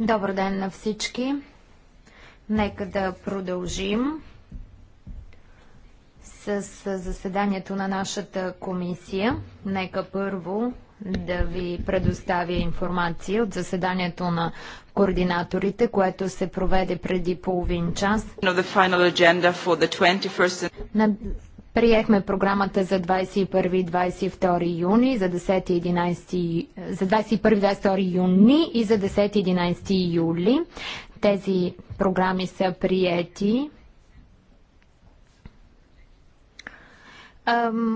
Добър ден на всички. Нека да продължим с заседанието на нашата комисия. Нека първо да ви предоставя информация от заседанието на координаторите, което се проведе преди половин час. Приехме програмата за 21-22 юни, за, 10-11, за 21-22 юни и за 10-11 юли. Тези програми са приети.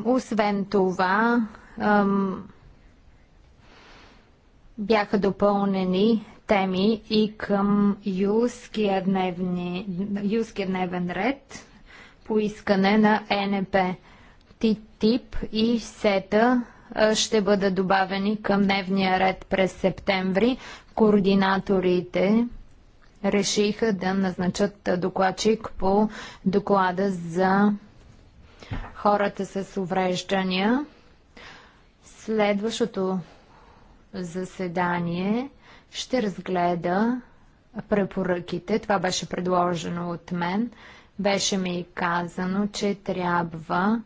Освен това, бяха допълнени теми и към Юския юлския дневен ред поискане на ЕНП. ТИТИП и СЕТА ще бъдат добавени към дневния ред през септември. Координаторите решиха да назначат докладчик по доклада за хората с увреждания. Следващото заседание ще разгледа препоръките. Това беше предложено от мен. Беше ми казано, че трябва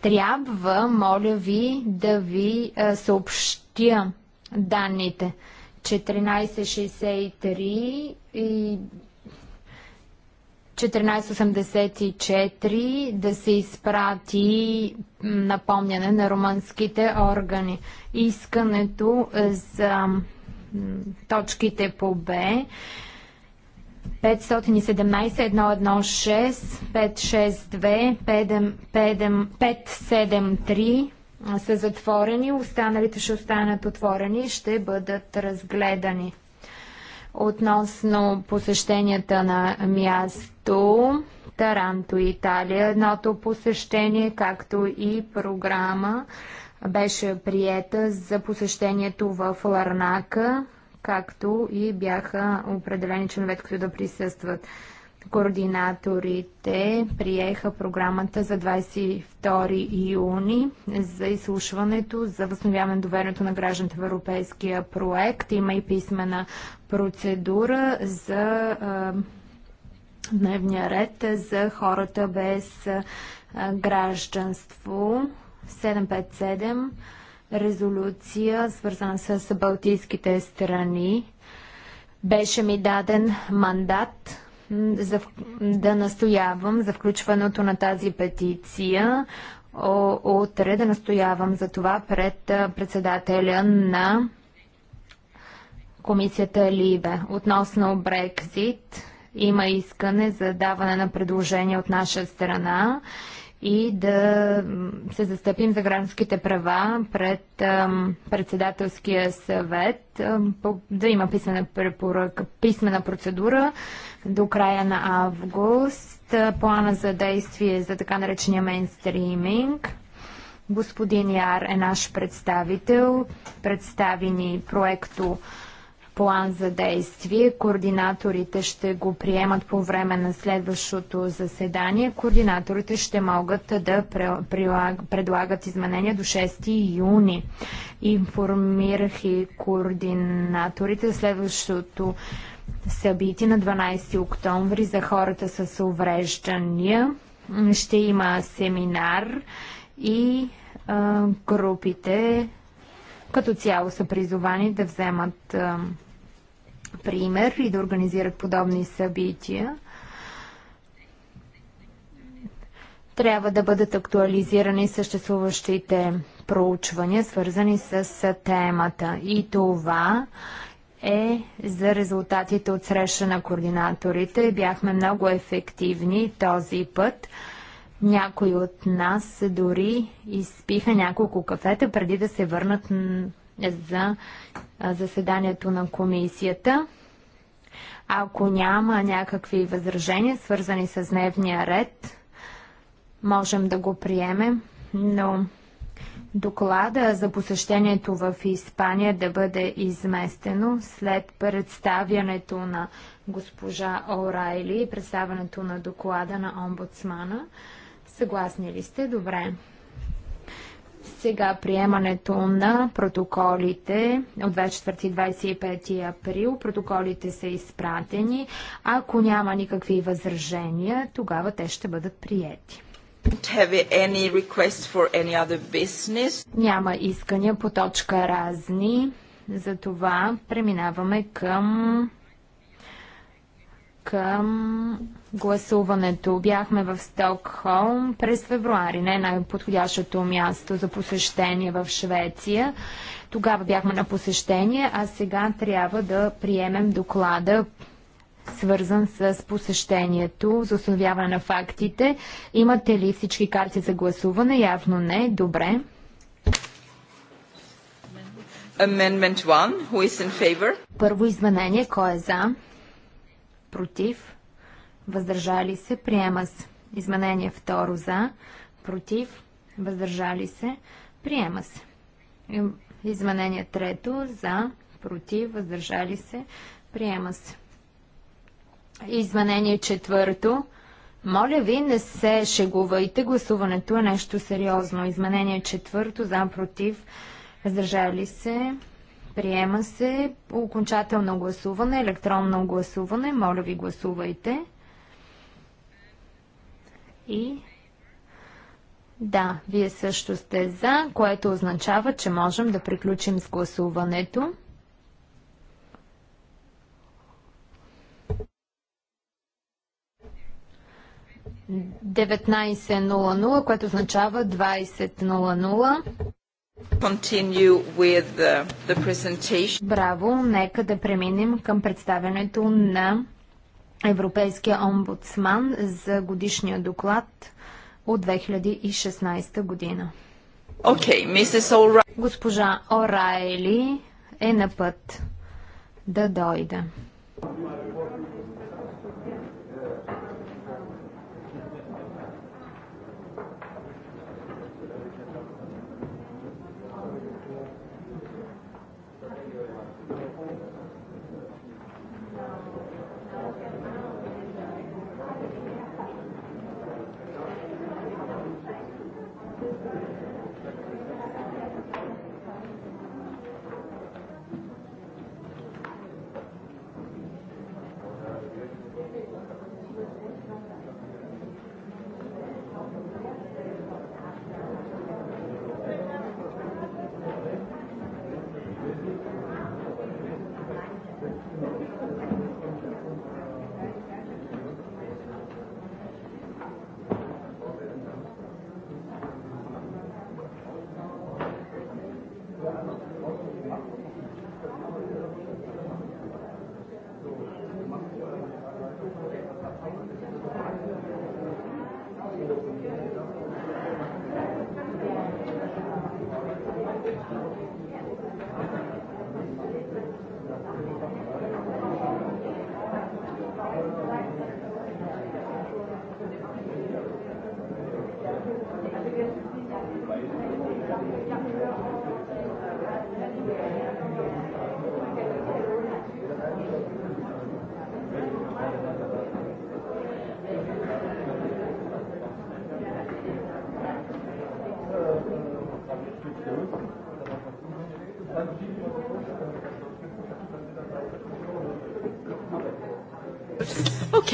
трябва, моля ви, да ви е, съобщя данните. 1463 и 1484 да се изпрати напомняне на румънските органи. Искането за точките по Б. 517-116-562-573 са затворени, останалите ще останат отворени и ще бъдат разгледани. Относно посещенията на място, Таранто Италия, едното посещение, както и програма беше приета за посещението в Ларнака, както и бяха определени членовете, които да присъстват. Координаторите приеха програмата за 22 юни за изслушването за възстановяване доверието на гражданите в европейския проект. Има и писмена процедура за дневния ред за хората без гражданство. 757 резолюция, свързана с Балтийските страни. Беше ми даден мандат за, да настоявам за включването на тази петиция. Утре да настоявам за това пред председателя на комисията Либе. Относно Брекзит, има искане за даване на предложение от наша страна и да се застъпим за гражданските права пред председателския съвет, да има писмена препоръка, писмена процедура до края на август, плана за действие за така наречения мейнстриминг. Господин Яр е наш представител, представи ни проекто план за действие. Координаторите ще го приемат по време на следващото заседание. Координаторите ще могат да предлагат изменения до 6 юни. Информирах и координаторите следващото събитие на 12 октомври за хората с увреждания. Ще има семинар и групите като цяло са призовани да вземат а, пример и да организират подобни събития. Трябва да бъдат актуализирани съществуващите проучвания, свързани с темата. И това е за резултатите от среща на координаторите. Бяхме много ефективни този път. Някои от нас дори изпиха няколко кафета преди да се върнат за заседанието на комисията. Ако няма някакви възражения, свързани с дневния ред, можем да го приемем, но доклада за посещението в Испания да бъде изместено след представянето на госпожа Орайли и представянето на доклада на омбудсмана. Съгласни ли сте? Добре. Сега приемането на протоколите от 24 и 25 април. Протоколите са изпратени. Ако няма никакви възражения, тогава те ще бъдат приети. Няма искания по точка разни. Затова преминаваме към към гласуването. Бяхме в Стокхолм през февруари, не най-подходящото място за посещение в Швеция. Тогава бяхме на посещение, а сега трябва да приемем доклада свързан с посещението, за установяване на фактите. Имате ли всички карти за гласуване? Явно не. Добре. Amendment 1. Who is in favor? Първо изменение. Кой е за? против, въздържали се, приема се. Изменение второ за, против, въздържали се, приема се. Изменение трето за, против, въздържали се, приема се. Изменение четвърто. Моля ви, не се шегувайте. Гласуването е нещо сериозно. Изменение четвърто за, против, въздържали се, Приема се окончателно гласуване, електронно гласуване. Моля ви, гласувайте. И да, вие също сте за, което означава, че можем да приключим с гласуването. Деветнайсет което означава 20.00. Браво! Нека да преминем към представянето на Европейския омбудсман за годишния доклад от 2016 година. Okay, Госпожа Орайли е на път да дойде.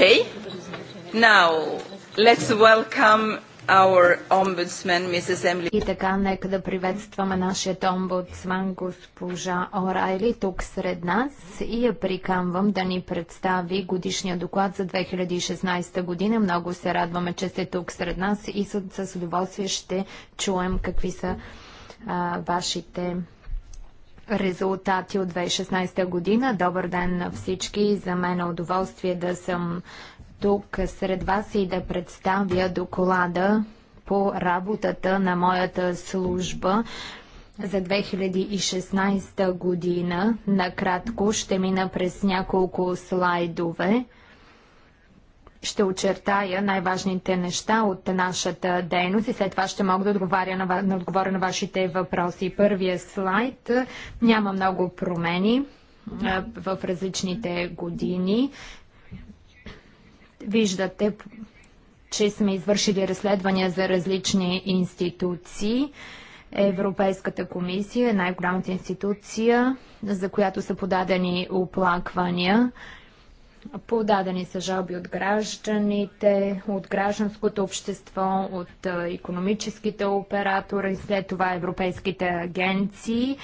Okay. Now, let's welcome our ombudsman, Mrs. Emily. И така, нека да приветстваме нашия омбудсман, госпожа Орайли, тук сред нас и я приканвам да ни представи годишния доклад за 2016 година. Много се радваме, че сте тук сред нас и с, с удоволствие ще чуем какви са а, вашите резултати от 2016 година. Добър ден на всички! За мен е удоволствие да съм тук сред вас и да представя доклада по работата на моята служба за 2016 година. Накратко ще мина през няколко слайдове ще очертая най-важните неща от нашата дейност и след това ще мога да отговоря на, на отговоря на вашите въпроси. Първия слайд. Няма много промени в различните години. Виждате, че сме извършили разследвания за различни институции. Европейската комисия е най-голямата институция, за която са подадени оплаквания. Подадени са жалби от гражданите, от гражданското общество, от економическите оператори, след това европейските агенции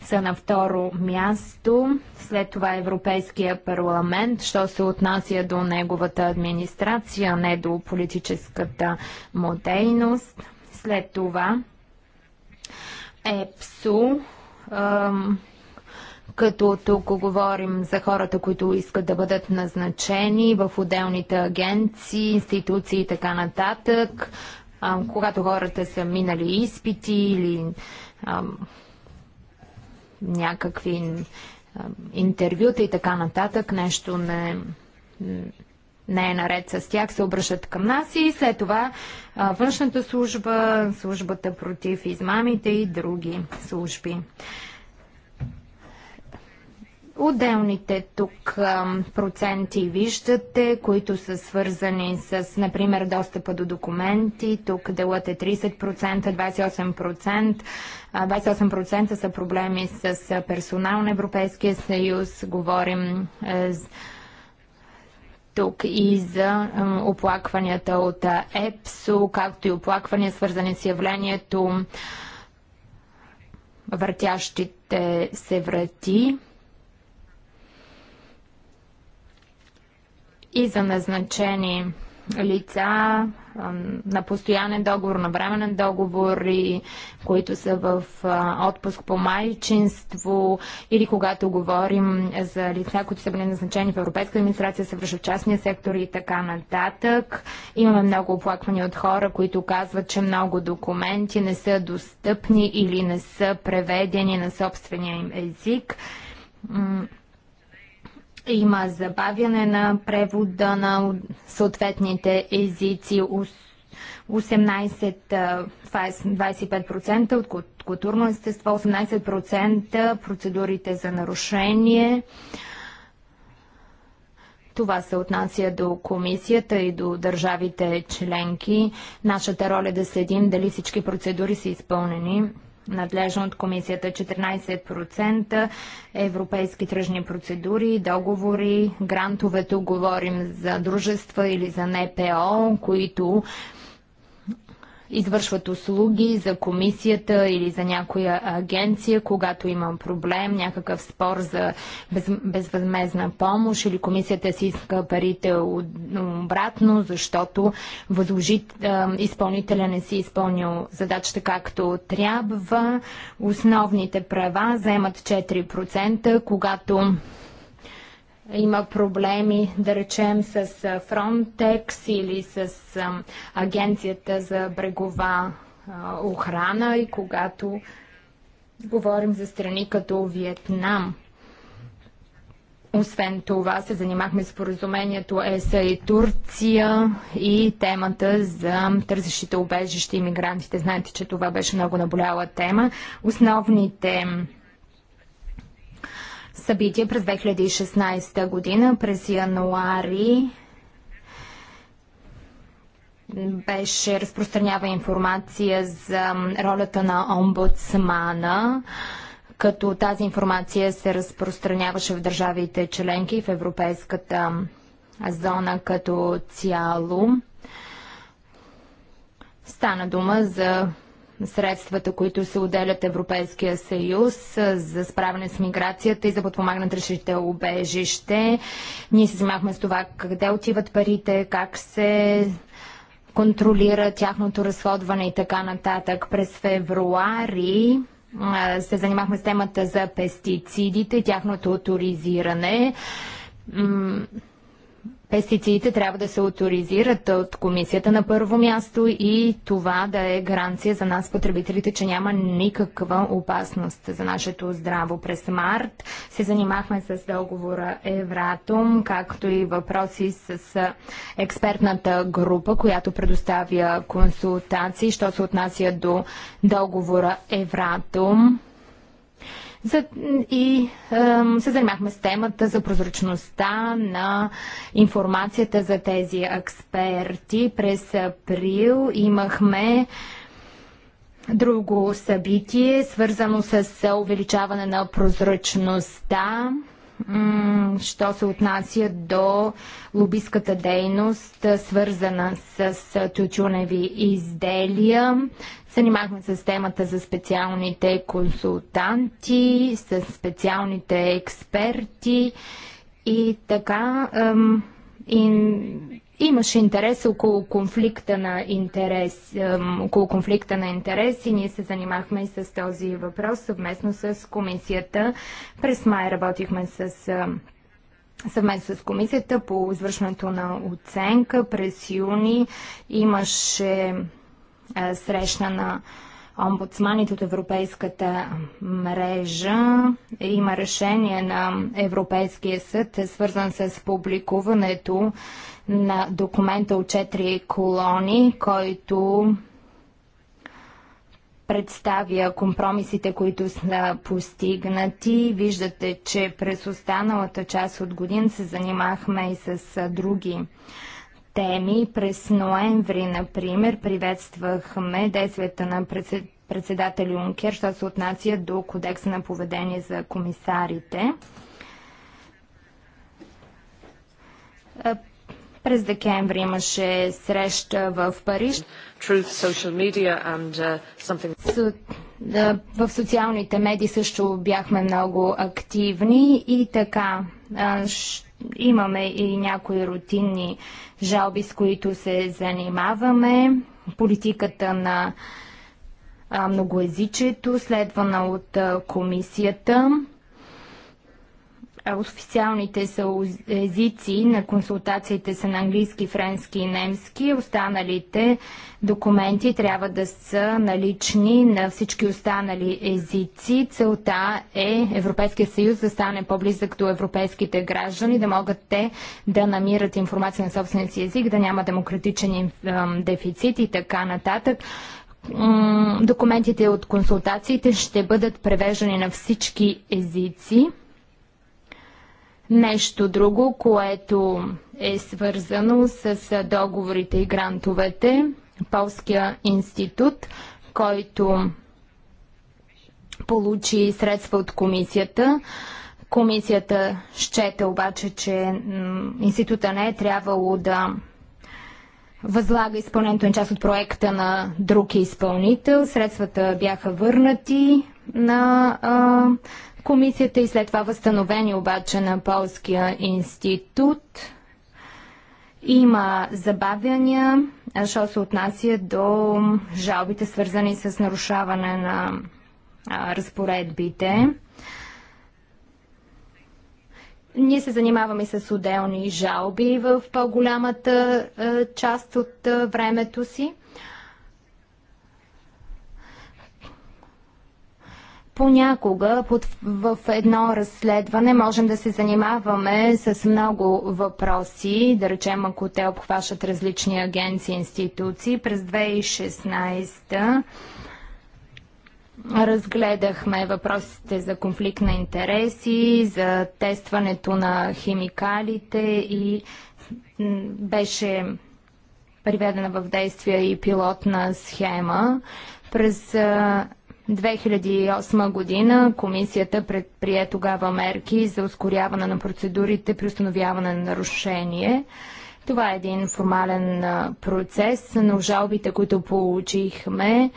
са на второ място, след това Европейския парламент, що се отнася до неговата администрация, не до политическата му дейност. След това ЕПСУ, като тук говорим за хората, които искат да бъдат назначени в отделните агенции, институции и така нататък, а, когато хората са минали изпити или а, някакви интервюта и така нататък, нещо не, не е наред с тях, се обръщат към нас и след това а, външната служба, службата против измамите и други служби отделните тук проценти виждате, които са свързани с, например, достъпа до документи. Тук делът е 30%, 28%. 28% са проблеми с персонал на Европейския съюз. Говорим е, тук и за оплакванията от ЕПСО, както и оплаквания свързани с явлението въртящите се врати. и за назначени лица на постоянен договор, на временен договор и които са в отпуск по майчинство или когато говорим за лица, които са били назначени в Европейска администрация, се връщат в частния сектор и така нататък. Имаме много оплаквания от хора, които казват, че много документи не са достъпни или не са преведени на собствения им език има забавяне на превода на съответните езици. 18, 25% от културно естество, 18% процедурите за нарушение. Това се отнася до комисията и до държавите членки. Нашата роля е да следим дали всички процедури са изпълнени надлежно от комисията 14% европейски тръжни процедури, договори, грантовето говорим за дружества или за НПО, които извършват услуги за комисията или за някоя агенция, когато имам проблем, някакъв спор за без, безвъзмезна помощ или комисията си иска парите обратно, защото възложит, изпълнителя не си изпълнил задачата както трябва. Основните права заемат 4%, когато има проблеми, да речем, с Frontex или с Агенцията за брегова охрана и когато говорим за страни като Виетнам. Освен това се занимахме с поразумението ЕСА и Турция и темата за търсещите убежище и мигрантите. Знаете, че това беше много наболяла тема. Основните събитие през 2016 година. През януари беше разпространява информация за ролята на омбудсмана, като тази информация се разпространяваше в държавите членки в Европейската зона като цяло. Стана дума за средствата, които се отделят Европейския съюз за справяне с миграцията и за подпомагане на трешите обежище. Ние се занимахме с това къде отиват парите, как се контролира тяхното разходване и така нататък. През февруари се занимахме с темата за пестицидите и тяхното авторизиране пестициите трябва да се авторизират от комисията на първо място и това да е гаранция за нас, потребителите, че няма никаква опасност за нашето здраво. През март се занимахме с договора Евратум, както и въпроси с експертната група, която предоставя консултации, що се отнася до договора Евратум. За, и е, се занимахме с темата за прозрачността на информацията за тези експерти. През април имахме друго събитие, свързано с увеличаване на прозрачността що се отнася до лобистката дейност, свързана с тютюневи изделия. Занимахме се с темата за специалните консултанти, с специалните експерти и така ем, и Имаше интерес около конфликта на интерес, около конфликта на интерес и ние се занимахме и с този въпрос съвместно с комисията. През май работихме с съвместно с комисията по извършването на оценка. През юни имаше е, среща на омбудсманите от Европейската мрежа. Има решение на Европейския съд, е свързан с публикуването на документа от 4 колони, който представя компромисите, които са постигнати. Виждате, че през останалата част от година се занимахме и с други теми. През ноември, например, приветствахме действията на председател Юнкер, що се отнася до кодекса на поведение за комисарите. През декември имаше среща в Париж. Uh, в социалните медии също бяхме много активни и така имаме и някои рутинни жалби, с които се занимаваме. Политиката на многоязичието, следвана от комисията официалните са езици на консултациите са на английски, френски и немски. Останалите документи трябва да са налични на всички останали езици. Целта е Европейския съюз да стане по-близък до европейските граждани, да могат те да намират информация на собствения си език, да няма демократичен дефицит и така нататък документите от консултациите ще бъдат превеждани на всички езици. Нещо друго, което е свързано с договорите и грантовете, Полския институт, който получи средства от комисията. Комисията счете обаче, че института не е трябвало да възлага изпълнението на част от проекта на друг изпълнител. Средствата бяха върнати на а, комисията и след това възстановени обаче на Полския институт. Има забавяния, що се отнася до жалбите, свързани с нарушаване на а, разпоредбите. Ние се занимаваме с отделни жалби в по-голямата част от а, времето си. Понякога под, в едно разследване можем да се занимаваме с много въпроси, да речем ако те обхващат различни агенции и институции. През 2016 разгледахме въпросите за конфликт на интереси, за тестването на химикалите и беше приведена в действие и пилотна схема. През 2008 година комисията предприе тогава мерки за ускоряване на процедурите при установяване на нарушение. Това е един формален процес, но жалбите, които получихме,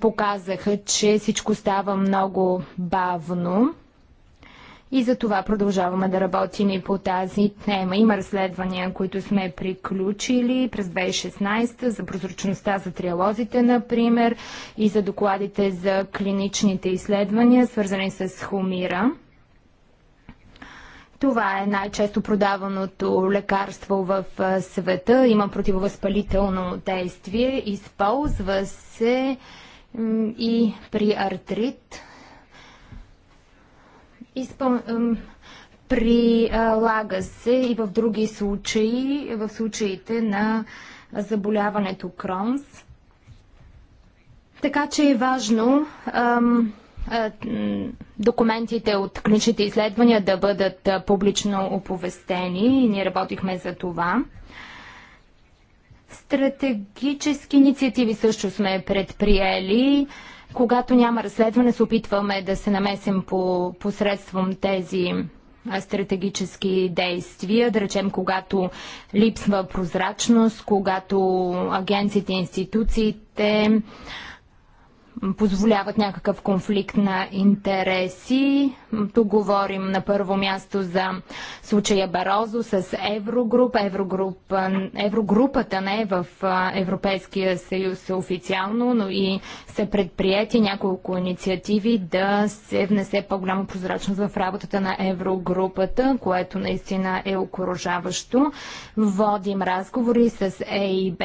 показаха, че всичко става много бавно. И за това продължаваме да работим и по тази тема. Има разследвания, които сме приключили през 2016 за прозрачността за триалозите, например, и за докладите за клиничните изследвания, свързани с хумира. Това е най-често продаваното лекарство в света. Има противовъзпалително действие. Използва се и при артрит изпъл... прилага се и в други случаи, в случаите на заболяването Кронс. Така че е важно ам, а, документите от клиничните изследвания да бъдат публично оповестени. Ние работихме за това. Стратегически инициативи също сме предприели. Когато няма разследване, се опитваме да се намесим по, посредством тези стратегически действия, да речем, когато липсва прозрачност, когато агенциите, институциите, позволяват някакъв конфликт на интереси. Тук говорим на първо място за случая Барозо с Еврогруп. Еврогруп. Еврогрупата не е в Европейския съюз официално, но и са предприяти няколко инициативи да се внесе по-голяма прозрачност в работата на Еврогрупата, което наистина е окоръжаващо. Водим разговори с ЕИБ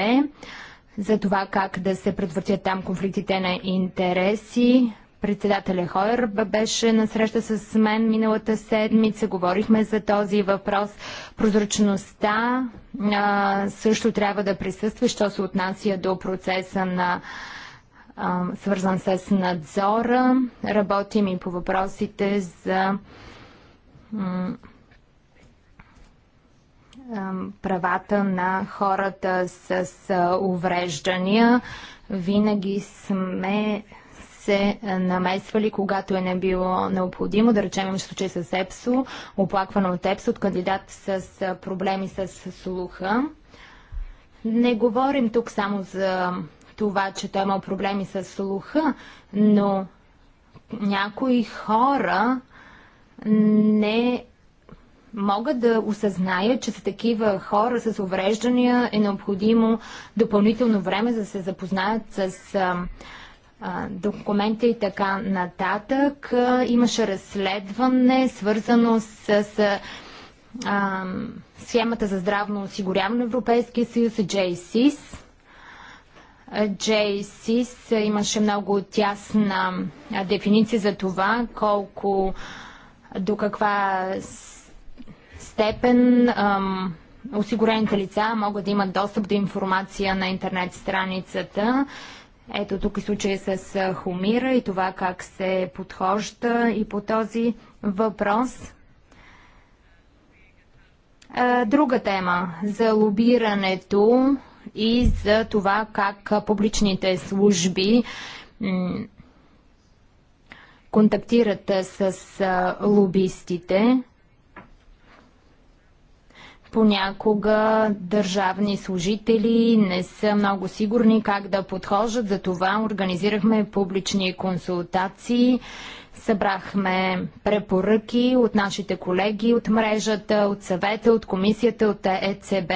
за това как да се предотвратят там конфликтите на интереси. Председателя Хойер беше на среща с мен миналата седмица. Говорихме за този въпрос. Прозрачността а, също трябва да присъства, що се отнася до процеса на а, свързан с надзора. Работим и по въпросите за правата на хората с увреждания. Винаги сме се намесвали, когато е не било необходимо, да речем имаше случай с ЕПСО, оплакване от ЕПСО, от кандидат с проблеми с слуха. Не говорим тук само за това, че той е имал проблеми с слуха, но някои хора не мога да осъзная, че са такива хора с увреждания е необходимо допълнително време за да се запознаят с а, а, документа и така нататък. Имаше разследване, свързано с, с схемата за здравно осигуряване на Европейския съюз, JCIS. JCIS имаше много тясна дефиниция за това колко до каква степен ам, осигурените лица могат да имат достъп до информация на интернет страницата. Ето тук и е случай с Хумира и това как се подхожда и по този въпрос. Друга тема за лобирането и за това как публичните служби контактират с лобистите. Понякога държавни служители не са много сигурни как да подхожат, затова организирахме публични консултации, събрахме препоръки от нашите колеги, от мрежата, от съвета, от комисията, от ЕЦБ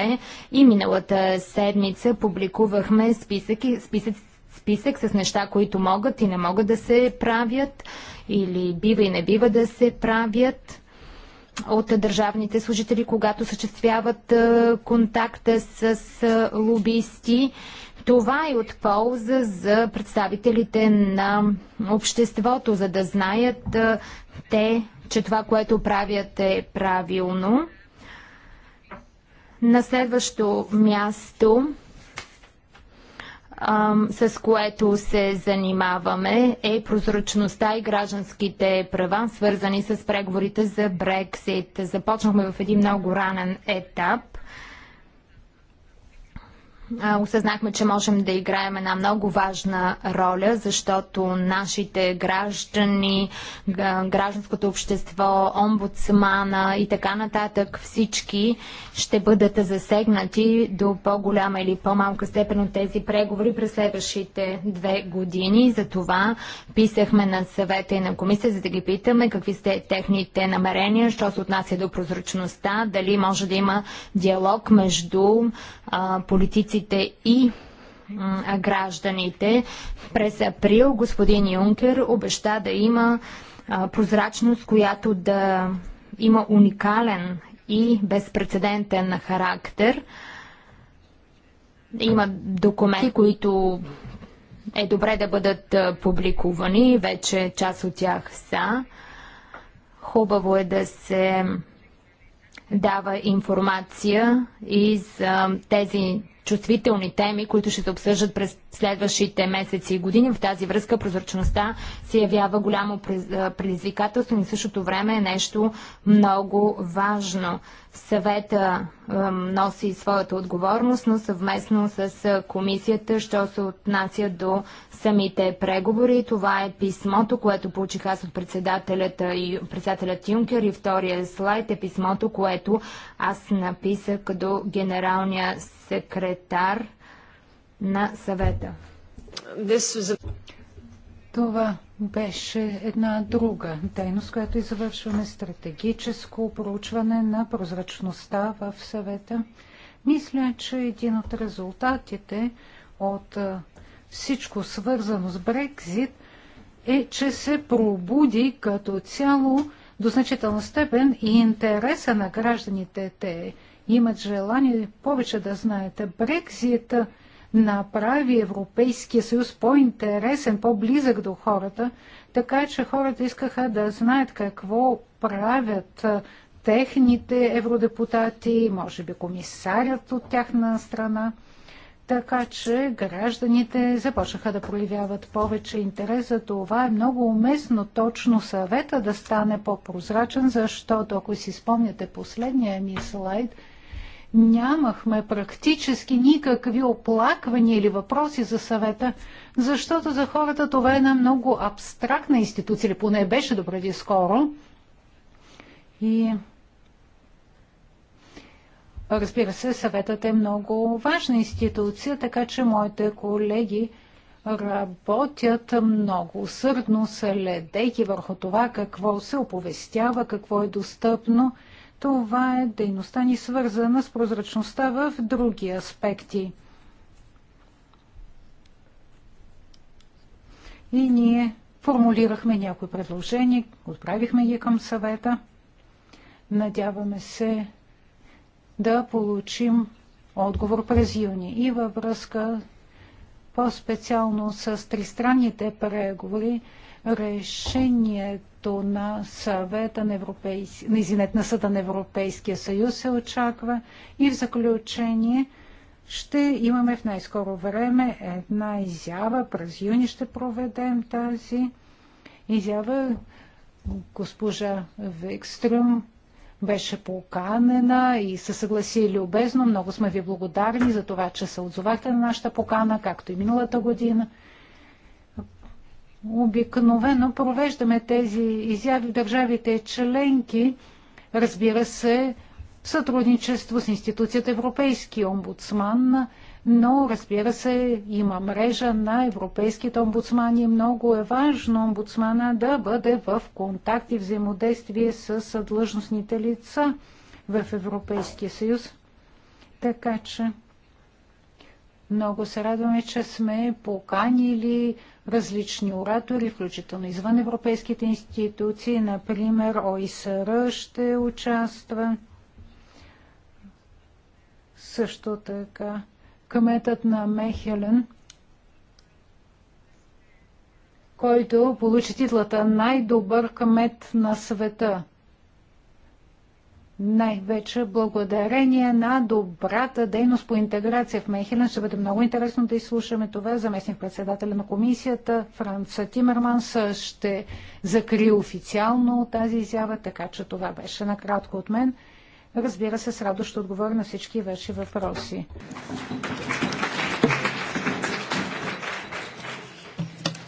и миналата седмица публикувахме списък, списък, списък с неща, които могат и не могат да се правят или бива и не бива да се правят от държавните служители, когато съществяват е, контакта с е, лобисти. Това е от полза за представителите на обществото, за да знаят е, те, че това, което правят е правилно. На следващо място с което се занимаваме е прозрачността и гражданските права, свързани с преговорите за Брексит. Започнахме в един много ранен етап осъзнахме, че можем да играем една много важна роля, защото нашите граждани, гражданското общество, омбудсмана и така нататък, всички ще бъдат засегнати до по-голяма или по-малка степен от тези преговори през следващите две години. Затова писахме на съвета и на комисия, за да ги питаме какви са техните намерения, що се отнася до прозрачността, дали може да има диалог между политиците институциите и гражданите. През април господин Юнкер обеща да има прозрачност, която да има уникален и безпредседентен характер. Има документи, които е добре да бъдат публикувани, вече част от тях са. Хубаво е да се дава информация и за тези чувствителни теми, които ще се обсъждат през следващите месеци и години. В тази връзка прозрачността се явява голямо предизвикателство и в същото време е нещо много важно. Съвета е, носи своята отговорност, но съвместно с комисията, що се отнася до самите преговори. Това е писмото, което получих аз от председателят, и, председателят Юнкер и втория слайд е писмото, което аз написах до генералния секретар на съвета. Това беше една друга дейност, която извършваме стратегическо проучване на прозрачността в съвета. Мисля, че един от резултатите от всичко свързано с Брекзит е, че се пробуди като цяло до значителна степен и интереса на гражданите. Те имат желание повече да знаете. Брекзита направи Европейския съюз по-интересен, по-близък до хората, така че хората искаха да знаят какво правят техните евродепутати, може би комисарят от тяхна страна. Така че гражданите започнаха да проявяват повече интерес. За това е много уместно точно съвета да стане по-прозрачен, защото ако си спомняте последния ми слайд – нямахме практически никакви оплаквания или въпроси за съвета, защото за хората това е една много абстрактна институция, или поне беше допреди скоро. И разбира се, съветът е много важна институция, така че моите колеги работят много усърдно, следейки върху това какво се оповестява, какво е достъпно – това е дейността ни свързана с прозрачността в други аспекти. И ние формулирахме някои предложения, отправихме ги към съвета. Надяваме се да получим отговор през юни. И във връзка по-специално с тристранните преговори, решението на съвета на, Европейски, на, извинете, на съда на Европейския съюз се очаква и в заключение ще имаме в най-скоро време една изява. През юни ще проведем тази изява. Госпожа Векстрюм беше поканена и се съгласи любезно. Много сме ви благодарни за това, че се отзовахте на нашата покана, както и миналата година. Обикновено провеждаме тези изяви в държавите членки, разбира се, в сътрудничество с институцията Европейски омбудсман, но разбира се, има мрежа на европейските омбудсмани. Много е важно омбудсмана да бъде в контакт и взаимодействие с длъжностните лица в Европейския съюз. Така че много се радваме, че сме поканили различни оратори, включително извън европейските институции, например ОИСР ще участва. Също така кметът на Мехелен, който получи титлата най-добър кмет на света най-вече благодарение на добрата дейност по интеграция в Мехелен. Ще бъде много интересно да изслушаме това. Заместник председателя на комисията Франца Тимерманс ще закри официално тази изява, така че това беше накратко от мен. Разбира се, с радост ще отговоря на всички ваши въпроси.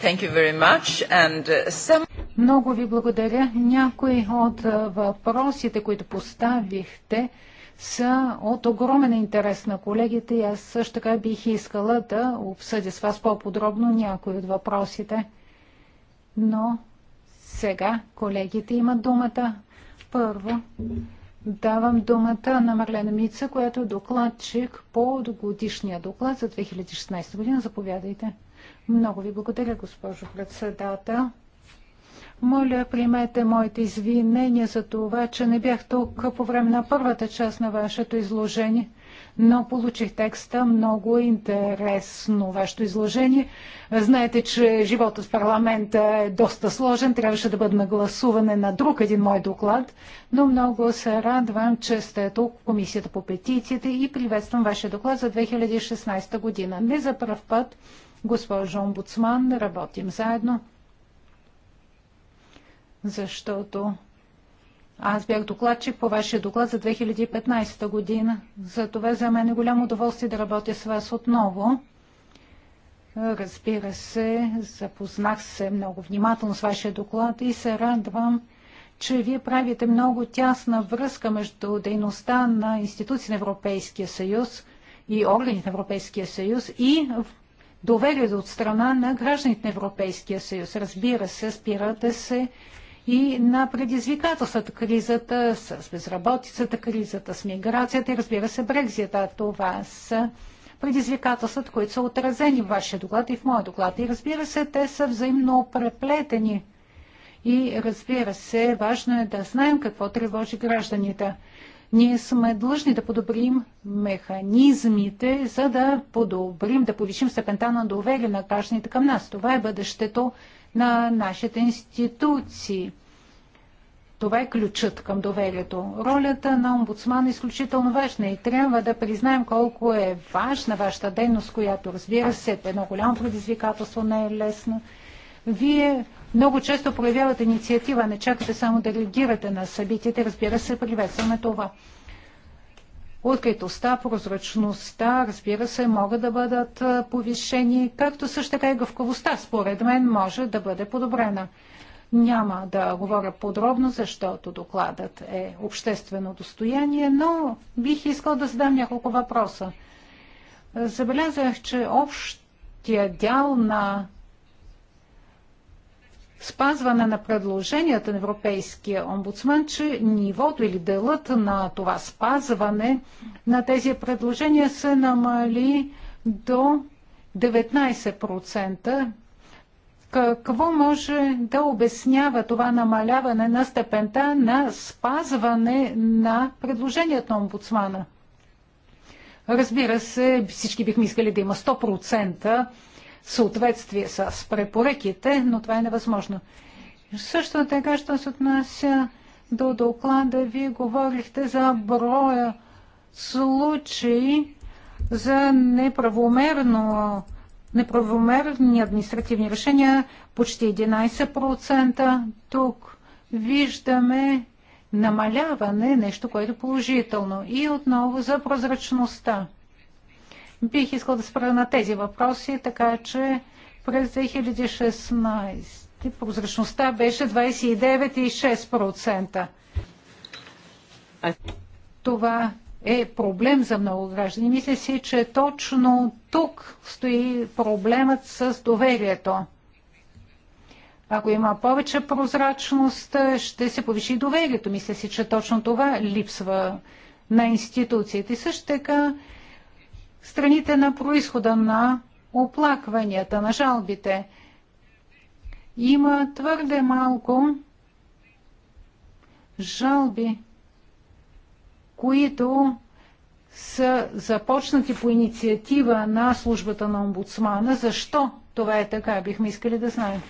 Thank you very much. And uh, some... Много ви благодаря. Някои от въпросите, които поставихте, са от огромен интерес на колегите и аз също така бих искала да обсъдя с вас по-подробно някои от въпросите. Но сега колегите имат думата. Първо давам думата на Марлена Мица, която е докладчик по годишния доклад за 2016 година. Заповядайте. Много ви благодаря, госпожо председател. Моля, приемете моите извинения за това, че не бях тук по време на първата част на вашето изложение, но получих текста. Много интересно вашето изложение. Знаете, че живота в парламента е доста сложен. Трябваше да бъде нагласуване гласуване на друг един мой доклад, но много се радвам, че сте тук в Комисията по петициите и приветствам вашия доклад за 2016 година. Не за първ път, госпожо омбудсман, работим заедно защото аз бях докладчик по вашия доклад за 2015 година. Затова за мен е голямо удоволствие да работя с вас отново. Разбира се, запознах се много внимателно с вашия доклад и се радвам, че вие правите много тясна връзка между дейността на институции на Европейския съюз и органите на Европейския съюз и доверието от страна на гражданите на Европейския съюз. Разбира се, спирате се и на предизвикателствата, кризата с безработицата, кризата с миграцията и разбира се Брекзита. Това са предизвикателствата, които са отразени в вашия доклад и в моя доклад. И разбира се, те са взаимно преплетени. И разбира се, важно е да знаем какво тревожи гражданите. Ние сме длъжни да подобрим механизмите, за да подобрим, да повишим степента на доверие на гражданите към нас. Това е бъдещето на нашите институции. Това е ключът към доверието. Ролята на омбудсмана е изключително важна и трябва да признаем колко е важна вашата дейност, която разбира се е едно голямо предизвикателство, не е лесно. Вие много често проявяват инициатива, не чакате само да реагирате на събитията. Разбира се, приветстваме това. Откритостта, прозрачността, разбира се, могат да бъдат повишени, както също така и гъвковостта, според мен, може да бъде подобрена. Няма да говоря подробно, защото докладът е обществено достояние, но бих искал да задам няколко въпроса. Забелязах, че общия дял на спазване на предложенията на Европейския омбудсман, че нивото или делът на това спазване на тези предложения се намали до 19%. Какво може да обяснява това намаляване на степента на спазване на предложението на омбудсмана? Разбира се, всички бихме искали да има 100% съответствие с препоръките, но това е невъзможно. Също така, що се отнася до доклада, вие говорихте за броя случаи за неправомерно неправомерни административни решения, почти 11%. Тук виждаме намаляване, нещо, което е положително. И отново за прозрачността. Бих искал да спра на тези въпроси, така че през 2016 прозрачността беше 29,6%. Това е проблем за много граждани. Мисля си, че точно тук стои проблемът с доверието. Ако има повече прозрачност, ще се повиши доверието. Мисля си, че точно това липсва на институциите. Също така страните на происхода на оплакванията, на жалбите. Има твърде малко жалби, които са започнати по инициатива на службата на омбудсмана. Защо това е така, бихме искали да знаем.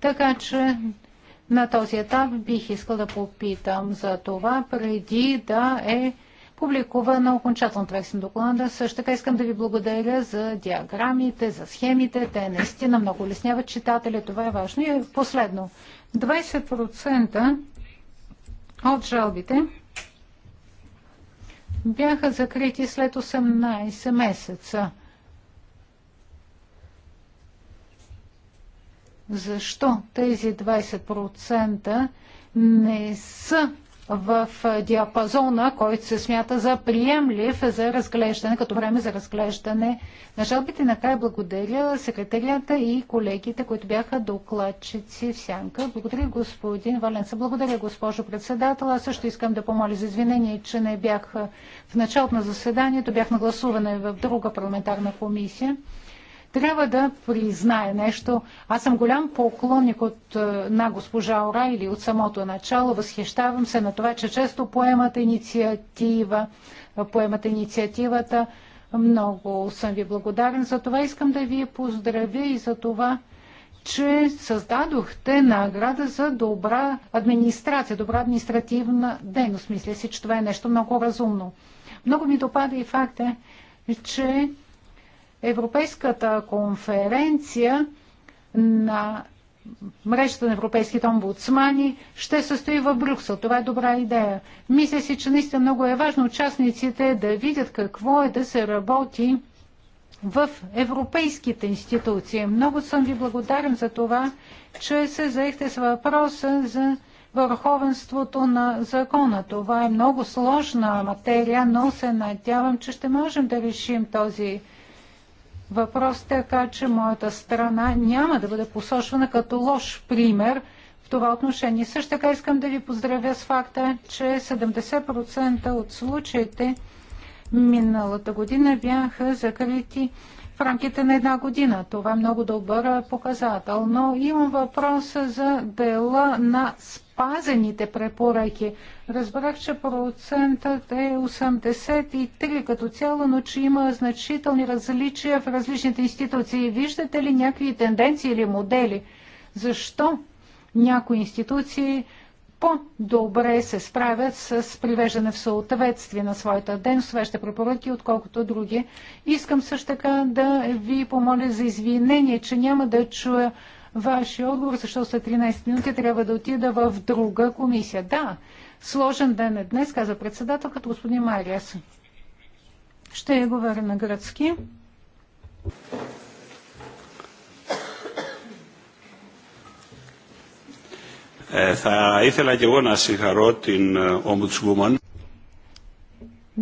Така че на този етап бих искал да попитам за това, преди да е на окончателната версия на доклада. Също така искам да ви благодаря за диаграмите, за схемите. Те наистина много улесняват читателя. Това е важно. И последно, 20% от жалбите бяха закрити след 18 месеца. Защо тези 20% не са в диапазона, който се смята за приемлив за разглеждане, като време за разглеждане на жалбите. Накрая благодаря секретарията и колегите, които бяха докладчици в сянка. Благодаря господин Валенца. Благодаря госпожо председател. Аз също искам да помоля за извинение, че не бях в началото на заседанието, бях на гласуване в друга парламентарна комисия. Трябва да призная нещо. Аз съм голям поклонник от, е, на госпожа или от самото начало. Възхищавам се на това, че често поемат инициатива, поемат инициативата. Много съм ви благодарен за това. Искам да ви поздравя и за това, че създадохте награда за добра администрация, добра административна дейност. Мисля си, че това е нещо много разумно. Много ми допада и факта, че Европейската конференция на мрежата на европейските омбудсмани ще състои в Брюксел. Това е добра идея. Мисля си, че наистина много е важно участниците да видят какво е да се работи в европейските институции. Много съм ви благодарен за това, че се заехте с въпроса за върховенството на закона. Това е много сложна материя, но се надявам, че ще можем да решим този въпрос, така че моята страна няма да бъде посочвана като лош пример в това отношение. Също така искам да ви поздравя с факта, че 70% от случаите миналата година бяха закрити рамките на една година. Това е много добър показател. Но имам въпрос за дела на спазените препоръки. Разбрах, че процентът е 83 като цяло, но че има значителни различия в различните институции. Виждате ли някакви тенденции или модели? Защо някои институции по-добре се справят с привеждане в съответствие на своята ден, своите препоръки, отколкото други. Искам също така да ви помоля за извинение, че няма да чуя вашия отговор, защото след 13 минути трябва да отида в друга комисия. Да, сложен ден е днес, каза председателката господин Мариас. Ще я говоря на гръцки. θα ήθελα και εγώ να συγχαρώ την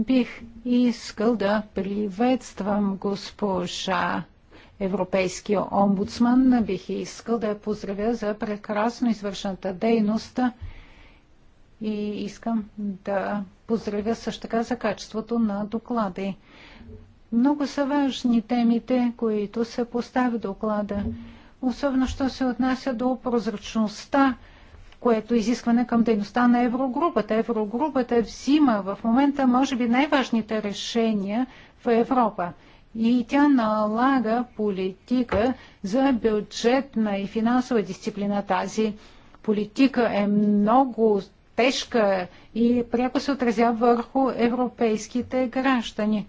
Бих искал да приветствам госпожа Европейския омбудсман. Бих искал да я поздравя за прекрасно извършената дейност и искам да поздравя също така за качеството на доклада. Много са важни темите, които се поставят доклада, особено що се отнася до прозрачността което е изискване към дейността на Еврогрупата. Еврогрупата взима в момента, може би, най-важните решения в Европа. И тя налага политика за бюджетна и финансова дисциплина. Тази политика е много тежка и пряко се отразява върху европейските граждани.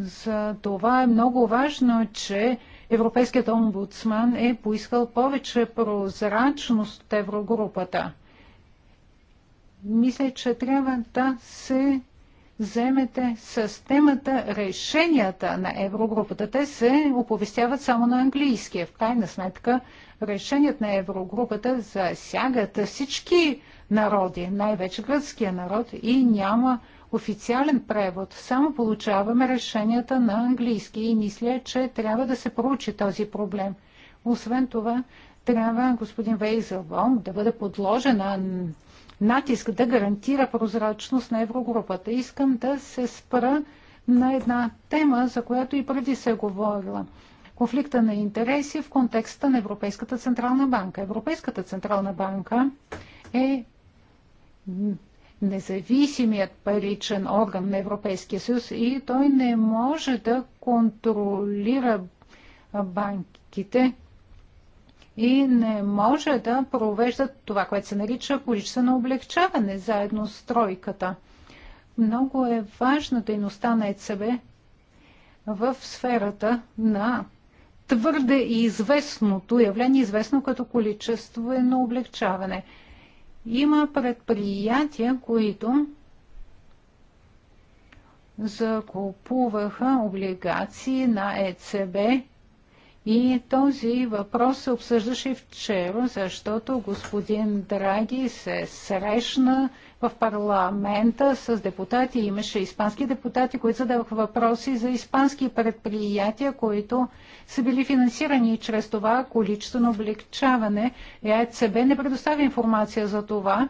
За това е много важно, че Европейският омбудсман е поискал повече прозрачност от Еврогрупата. Мисля, че трябва да се вземете с темата решенията на Еврогрупата. Те се оповестяват само на английски. В крайна сметка решеният на Еврогрупата засягат всички народи, най-вече гръцкия народ и няма официален превод. Само получаваме решенията на английски и мисля, че трябва да се проучи този проблем. Освен това, трябва господин Вейзелбом да бъде подложен на натиск да гарантира прозрачност на Еврогрупата. Искам да се спра на една тема, за която и преди се е говорила. Конфликта на интереси в контекста на Европейската Централна банка. Европейската Централна банка е независимият паричен орган на Европейския съюз и той не може да контролира банките и не може да провеждат това, което се нарича количествено облегчаване заедно с тройката. Много е важна дейността на ЕЦБ в сферата на твърде известното явление, известно като количествено облегчаване – има предприятия, които закупуваха облигации на ЕЦБ и този въпрос се обсъждаше вчера, защото господин Драги се срещна в парламента с депутати. Имаше испански депутати, които задаваха въпроси за испански предприятия, които са били финансирани чрез това количествено облегчаване. ЕЦБ не предоставя информация за това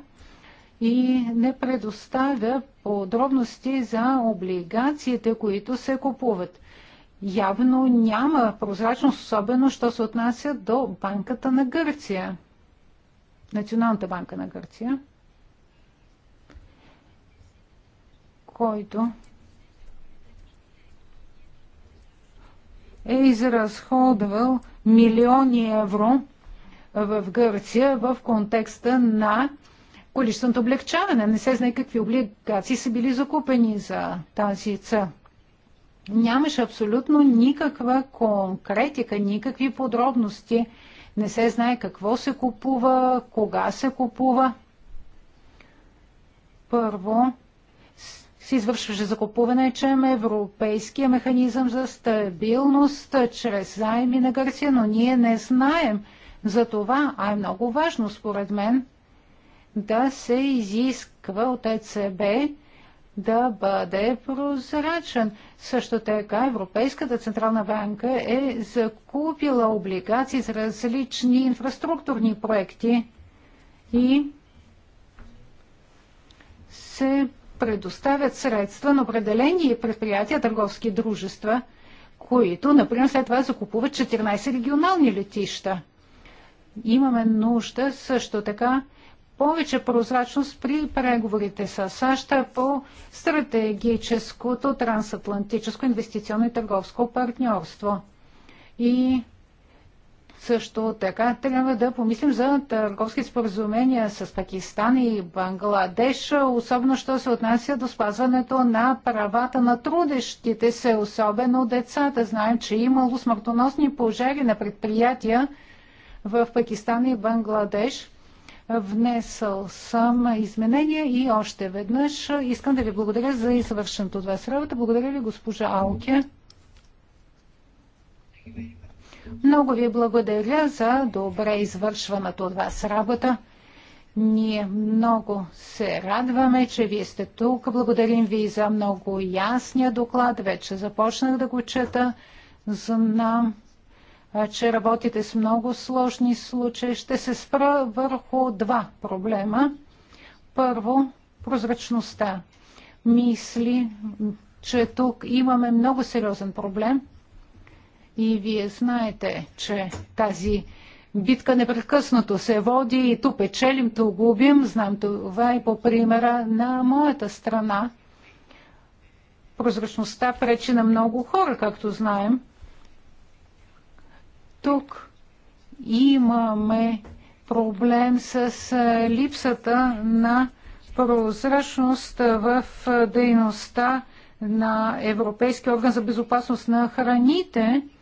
и не предоставя подробности за облигациите, които се купуват. Явно няма прозрачност, особено що се отнася до банката на Гърция. Националната банка на Гърция. който е изразходвал милиони евро в Гърция в контекста на количественото облегчаване. Не се знае какви облигации са били закупени за тази ЦА. Нямаше абсолютно никаква конкретика, никакви подробности. Не се знае какво се купува, кога се купува. Първо, се извършваше закупуване чрез европейския механизъм за стабилност, чрез заеми на Гърция, но ние не знаем за това, а е много важно според мен да се изисква от ЕЦБ да бъде прозрачен. Също така Европейската Централна банка е закупила облигации за различни инфраструктурни проекти и се предоставят средства на определени предприятия, търговски дружества, които, например, след това закупуват 14 регионални летища. Имаме нужда също така повече прозрачност при преговорите с САЩ по стратегическото трансатлантическо инвестиционно и търговско партньорство. И също така трябва да помислим за търговски споразумения с Пакистан и Бангладеш, особено що се отнася до спазването на правата на трудещите се, особено децата. Знаем, че е имало смъртоносни пожари на предприятия в Пакистан и Бангладеш. Внесъл съм изменения и още веднъж искам да ви благодаря за извършеното от вас работа. Благодаря ви, госпожа Алке. Thank you. Много ви благодаря за добре извършваната от вас работа. Ние много се радваме, че вие сте тук. Благодарим ви за много ясния доклад. Вече започнах да го чета. Знам, че работите с много сложни случаи. Ще се спра върху два проблема. Първо, прозрачността. Мисли, че тук имаме много сериозен проблем – и вие знаете, че тази битка непрекъснато се води и ту печелим, ту губим. Знам това и е по примера на моята страна. Прозрачността пречи на много хора, както знаем. Тук имаме проблем с липсата на прозрачност в дейността на Европейския орган за безопасност на храните –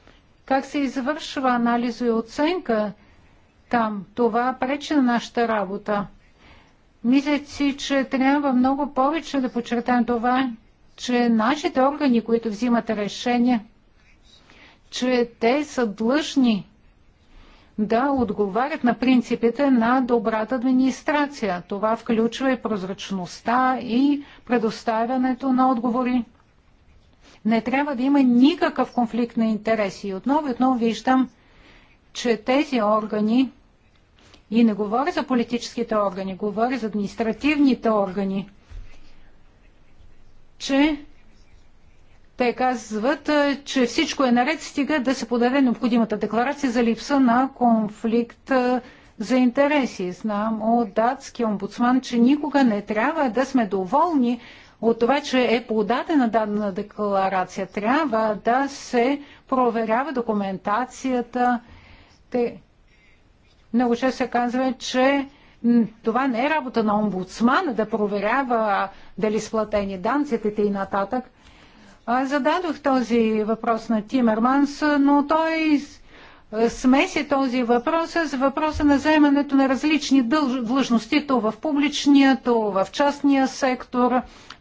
как се извършва анализа и оценка там. Това пречи на нашата работа. Мисля си, че трябва много повече да подчертаем това, че нашите органи, които взимат решения, че те са длъжни да отговарят на принципите на добрата администрация. Това включва и прозрачността и предоставянето на отговори. Не трябва да има никакъв конфликт на интереси. И отново и отново виждам, че тези органи, и не говоря за политическите органи, говоря за административните органи, че те казват, че всичко е наред, стига да се подаде необходимата декларация за липса на конфликт за интереси. Знам от датски омбудсман, че никога не трябва да сме доволни от това, че е подадена дадена декларация. Трябва да се проверява документацията. Те... Много често се казва, че това не е работа на омбудсмана да проверява дали сплатени данците и нататък. Зададох този въпрос на Тимерманс, но той е, смеси този въпрос с въпроса на заемането на различни длъжности, то в публичния, то в частния сектор,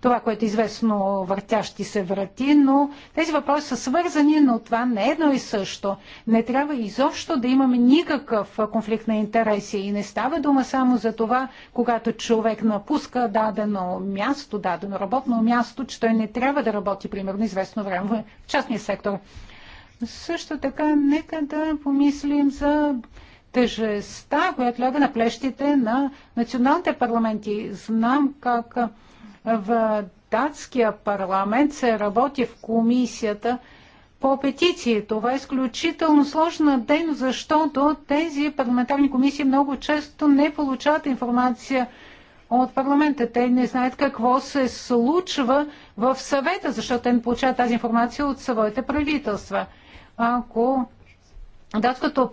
това, което е известно въртящи се врати, но тези въпроси са свързани, но това не е едно и също. Не трябва изобщо да имаме никакъв конфликт на интереси и не става дума само за това, когато човек напуска дадено място, дадено работно място, че той не трябва да работи, примерно, известно време в частния сектор. Също така, нека да помислим за тежеста, която ляга на плещите на националните парламенти. Знам как в датския парламент се работи в комисията по петиции. Това е изключително сложна дейност, защото тези парламентарни комисии много често не получават информация от парламента. Те не знаят какво се случва в съвета, защото те не получават тази информация от своите правителства ако датското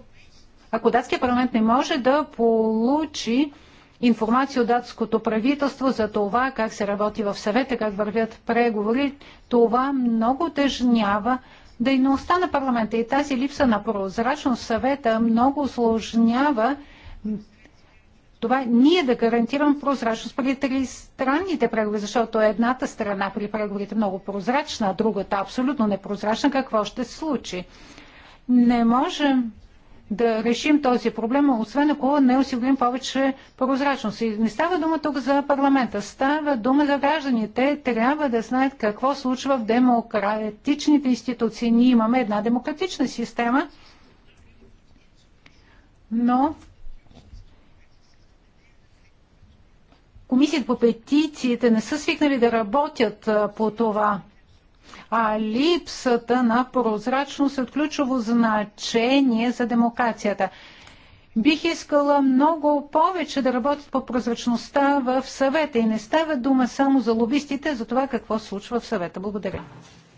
ако датския парламент не може да получи информация от датското правителство за това как се работи в съвета, как вървят преговори, това много тежнява дейността на парламента и тази липса на прозрачност в съвета много осложнява това е ние да гарантирам прозрачност при тристранните преговори, защото едната страна при преговорите е много прозрачна, а другата е абсолютно непрозрачна. Какво ще се случи? Не можем да решим този проблем, освен ако не осигурим повече прозрачност. И не става дума тук за парламента, става дума за гражданите. Трябва да знаят какво случва в демократичните институции. Ние имаме една демократична система, но в комисията по петициите не са свикнали да работят по това. А липсата на прозрачност е ключово значение за демокрацията. Бих искала много повече да работят по прозрачността в съвета и не става дума само за лобистите, за това какво случва в съвета. Благодаря.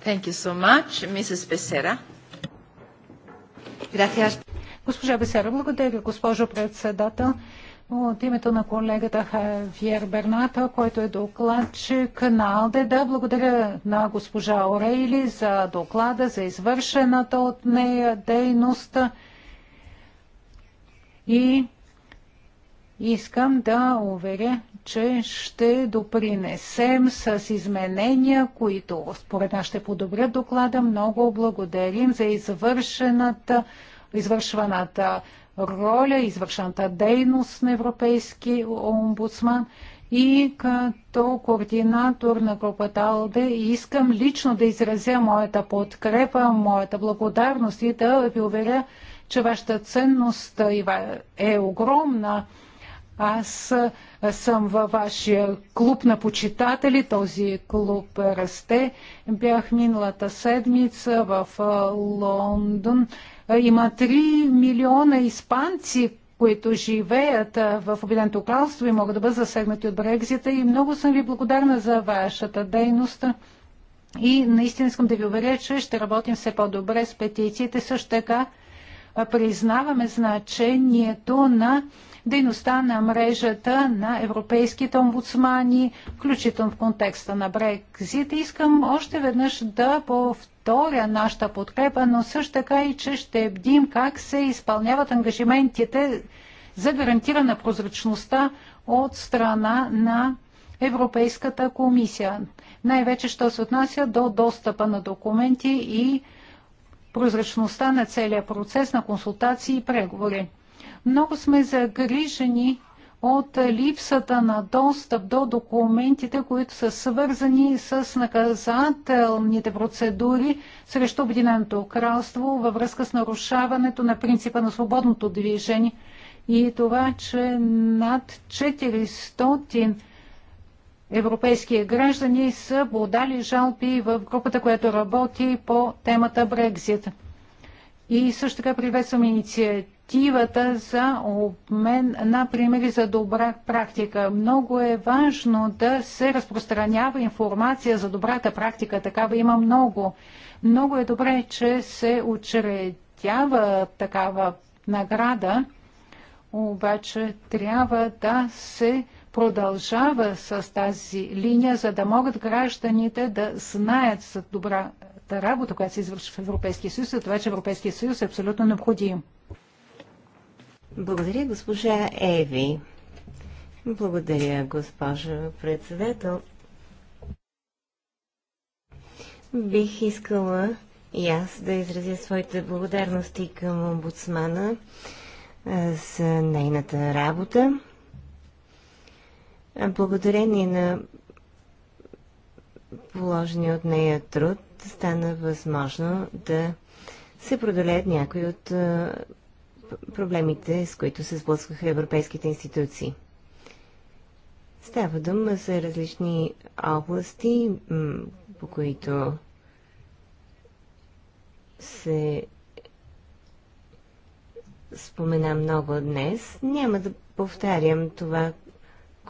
Thank you so much, Mrs. Becerra. Gracias. Госпожа Бесера, благодаря, госпожо председател от името на колегата Хавиер Берната, който е докладчик на АЛДЕ. Да, благодаря на госпожа Орейли за доклада, за извършената от нея дейност. И искам да уверя, че ще допринесем с изменения, които според нас ще подобрят доклада. Много благодарим за извършената дейност извършваната роля, извършената дейност на Европейски омбудсман и като координатор на групата АЛДЕ искам лично да изразя моята подкрепа, моята благодарност и да ви уверя, че вашата ценност е огромна. Аз съм във вашия клуб на почитатели, този клуб расте. Бях миналата седмица в Лондон е, има 3 милиона испанци, които живеят е, в Обединеното кралство и могат да бъдат засегнати от Брекзита. И много съм ви благодарна за вашата дейност. И наистина искам да ви уверя, че ще работим все по-добре с петициите. Също така е, признаваме значението на дейността на мрежата на европейските омбудсмани, включително в контекста на Брекзит. Искам още веднъж да повторя нашата подкрепа, но също така и че ще бдим как се изпълняват ангажиментите за гарантирана прозрачността от страна на Европейската комисия. Най-вече, що се отнася до достъпа на документи и прозрачността на целия процес на консултации и преговори. Много сме загрижени от липсата на достъп до документите, които са свързани с наказателните процедури срещу Обединеното кралство във връзка с нарушаването на принципа на свободното движение и това, че над 400 европейски граждани са подали жалби в групата, която работи по темата Брекзит. И също така приветствам инициатива директивата за обмен на примери за добра практика. Много е важно да се разпространява информация за добрата практика. Такава има много. Много е добре, че се учредява такава награда, обаче трябва да се продължава с тази линия, за да могат гражданите да знаят за добрата работа, която се извършва в Европейския съюз, за това, че Европейския съюз е абсолютно необходим. Благодаря, госпожа Еви. Благодаря, госпожа председател. Бих искала и аз да изразя своите благодарности към омбудсмана за нейната работа. Благодарение на положения от нея труд стана възможно да се продолеят някои от проблемите, с които се сблъскаха европейските институции. Става дума за различни области, по които се спомена много днес. Няма да повтарям това,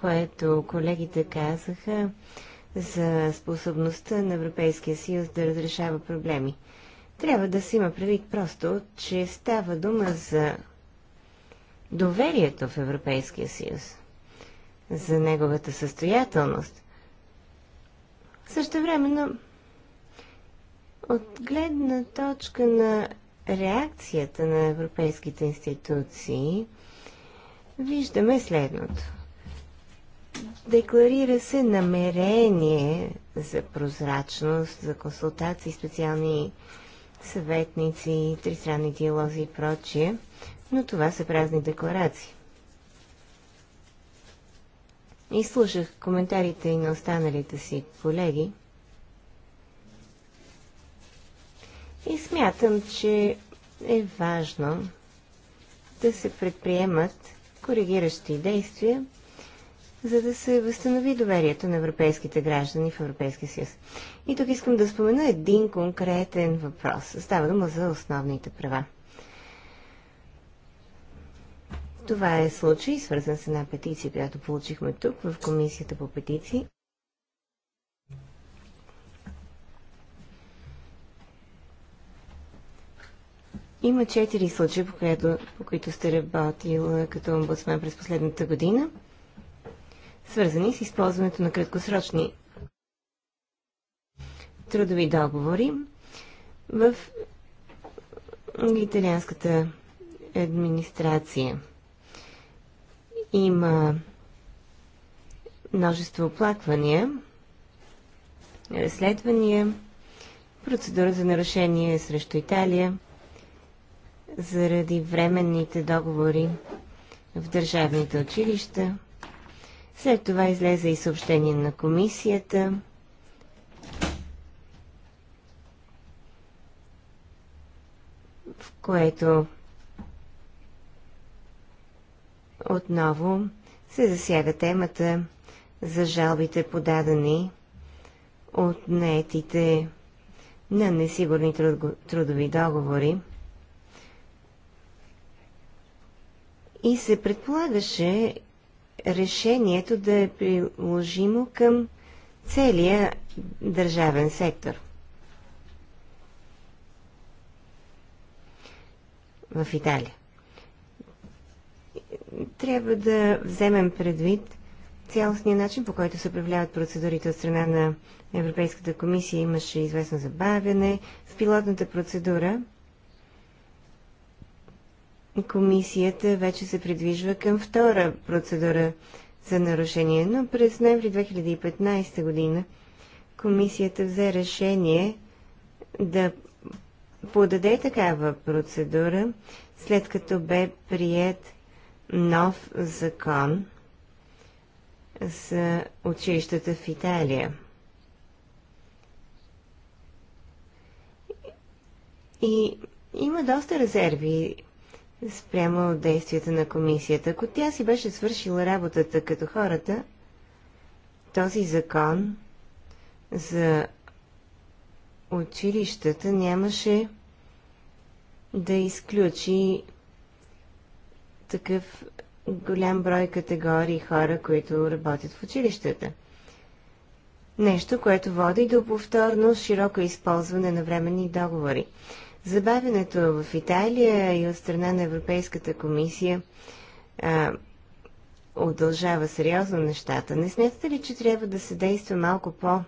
което колегите казаха за способността на Европейския съюз да разрешава проблеми. Трябва да се има предвид просто, че става дума за доверието в Европейския съюз, за неговата състоятелност. Също времено, от гледна точка на реакцията на европейските институции, виждаме следното. Декларира се намерение за прозрачност, за консултации, специални съветници, тристранни диалози и прочие, но това са празни декларации. И слушах коментарите и на останалите си колеги. И смятам, че е важно да се предприемат коригиращи действия за да се възстанови доверието на европейските граждани в Европейския съюз. И тук искам да спомена един конкретен въпрос. Става дума за основните права. Това е случай, свързан с една петиция, която получихме тук в Комисията по петиции. Има четири случая, по, по които сте работила като омбудсмен през последната година – свързани с използването на краткосрочни трудови договори в италианската администрация. Има множество оплаквания, разследвания, процедура за нарушение срещу Италия заради временните договори в държавните училища. След това излезе и съобщение на комисията. в което отново се засяга темата за жалбите подадени от наетите на несигурни трудови договори. И се предполагаше, решението да е приложимо към целия държавен сектор. В Италия. Трябва да вземем предвид цялостния начин, по който се управляват процедурите от страна на Европейската комисия. Имаше известно забавяне с пилотната процедура – комисията вече се придвижва към втора процедура за нарушение, но през ноември 2015 година комисията взе решение да подаде такава процедура, след като бе прият нов закон за училищата в Италия. И има доста резерви спрямо действията на комисията. Ако тя си беше свършила работата като хората, този закон за училищата нямаше да изключи такъв голям брой категории хора, които работят в училищата. Нещо, което води до повторно широко използване на временни договори. Забавянето в Италия и от страна на Европейската комисия а, удължава сериозно нещата. Не смятате ли, че трябва да се действа малко по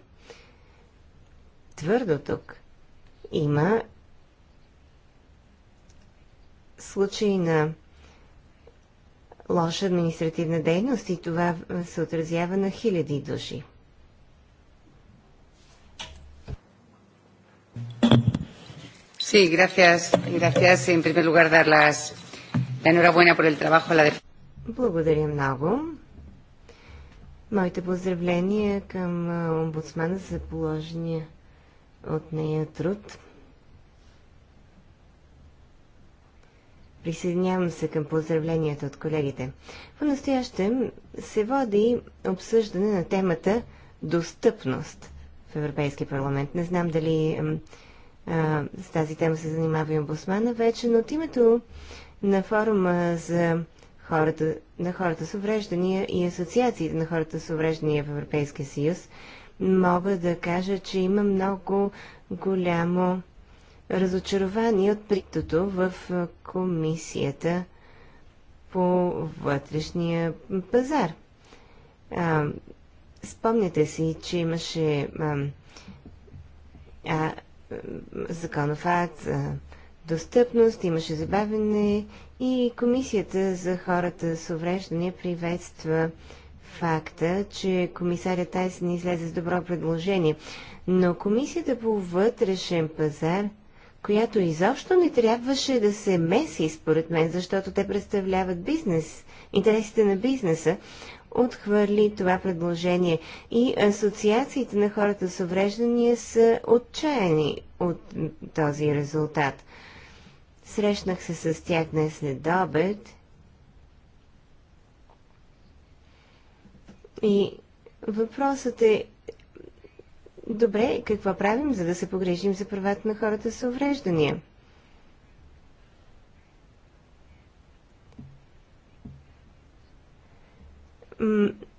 твърдо тук? Има случаи на лоша административна дейност и това се отразява на хиляди души. Sí, gracias. Gracias. En primer lugar, dar las, la enhorabuena por el trabajo. La Благодаря много. Моите поздравления към омбудсмана за положения от нея труд. Присъединявам се към поздравленията от колегите. по настояще се води обсъждане на темата достъпност в Европейския парламент. Не знам дали а, с тази тема се занимава и омбусмана вече, но от името на форума за хората, на хората с увреждания и асоциациите на хората с увреждания в Европейския съюз, мога да кажа, че има много голямо разочарование от притото в комисията по вътрешния пазар. А, спомняте си, че имаше а, а, законов акт за достъпност, имаше забавене и Комисията за хората с увреждания приветства факта, че комисаря Тайсен излезе с добро предложение. Но Комисията по вътрешен пазар, която изобщо не трябваше да се меси, според мен, защото те представляват бизнес, интересите на бизнеса, отхвърли това предложение. И асоциациите на хората с увреждания са отчаяни от този резултат. Срещнах се с тях днес след обед и въпросът е Добре, какво правим, за да се погрежим за правата на хората с увреждания?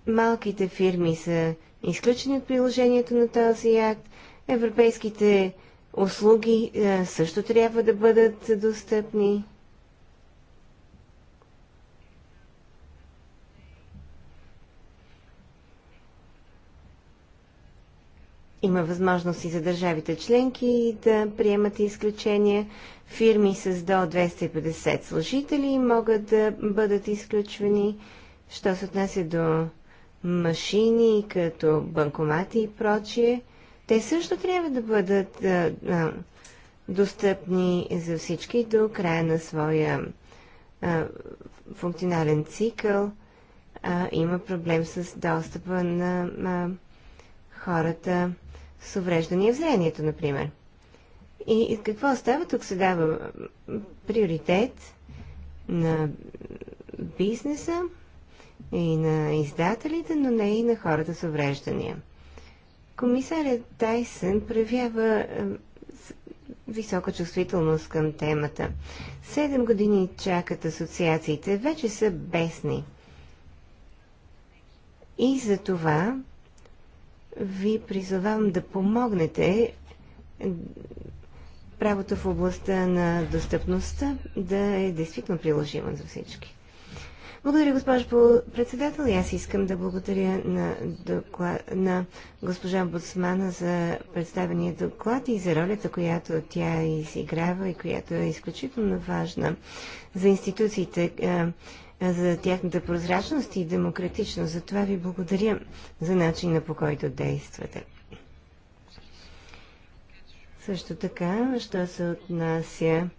малките фирми са изключени от приложението на този акт. Европейските услуги е, също трябва да бъдат достъпни. Има възможност и за държавите членки да приемат изключения. Фирми с до 250 служители могат да бъдат изключвани. Що се отнася до машини, като банкомати и прочие, те също трябва да бъдат а, а, достъпни за всички до края на своя а, функционален цикъл. А, има проблем с достъпа на а, хората с увреждания в зрението, например. И какво става? Тук се дава приоритет на бизнеса, и на издателите, но не и на хората с увреждания. Комисарят Тайсън проявява е, висока чувствителност към темата. Седем години чакат асоциациите, вече са бесни. И за това ви призовавам да помогнете е, правото в областта на достъпността да е действително приложимо за всички. Благодаря, госпожо председател. И аз искам да благодаря на, доклад, на госпожа Боцмана за представения доклад и за ролята, която тя изиграва и която е изключително важна за институциите, за тяхната прозрачност и демократичност. За това ви благодаря за начина по който действате. Също така, що се отнася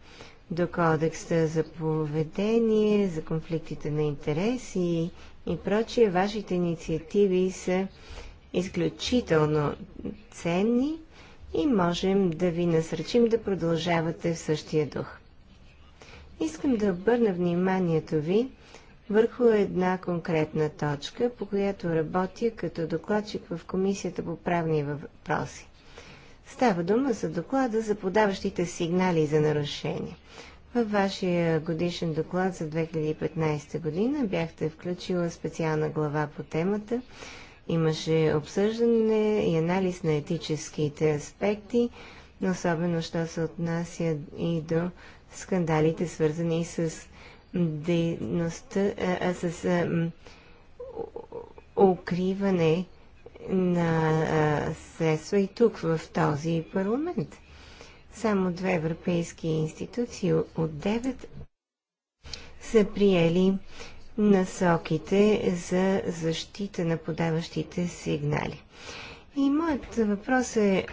до кодекса за поведение, за конфликтите на интереси и прочие. Вашите инициативи са изключително ценни и можем да ви насръчим да продължавате в същия дух. Искам да обърна вниманието ви върху една конкретна точка, по която работя като докладчик в Комисията по правни въпроси. Става дума за доклада за подаващите сигнали за нарушение. Във вашия годишен доклад за 2015 година бяхте включила специална глава по темата. Имаше обсъждане и анализ на етическите аспекти, особено що се отнася и до скандалите, свързани с дейността, а, а с а, укриване на средства и тук в този парламент. Само две европейски институции от девет са приели насоките за защита на подаващите сигнали. И моят въпрос е,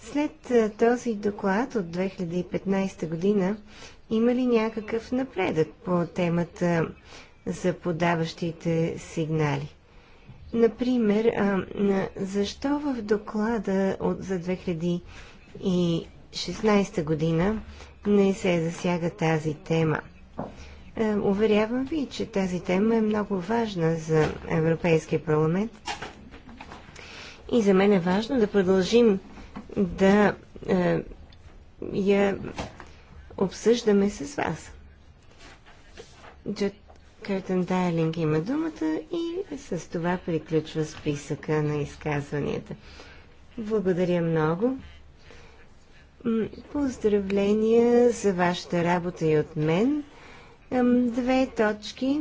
след този доклад от 2015 година, има ли някакъв напредък по темата за подаващите сигнали? Например, а, защо в доклада от, за 2016 година не се засяга тази тема? А, уверявам ви, че тази тема е много важна за Европейския парламент и за мен е важно да продължим да я обсъждаме с вас. Къртен Дайлинг има думата и с това приключва списъка на изказванията. Благодаря много. Поздравления за вашата работа и от мен. Две точки.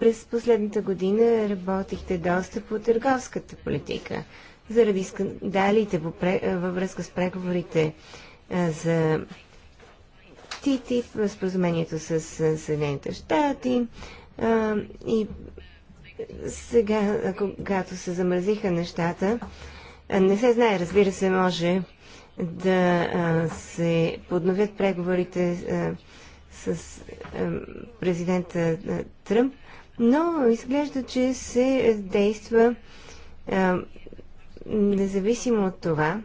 През последната година работихте доста по търговската политика. Заради скандалите във връзка с преговорите за ТТИП, споразумението с Съединените щати и сега, когато се замразиха нещата, не се знае, разбира се, може да се подновят преговорите с президента Тръмп, но изглежда, че се действа независимо от това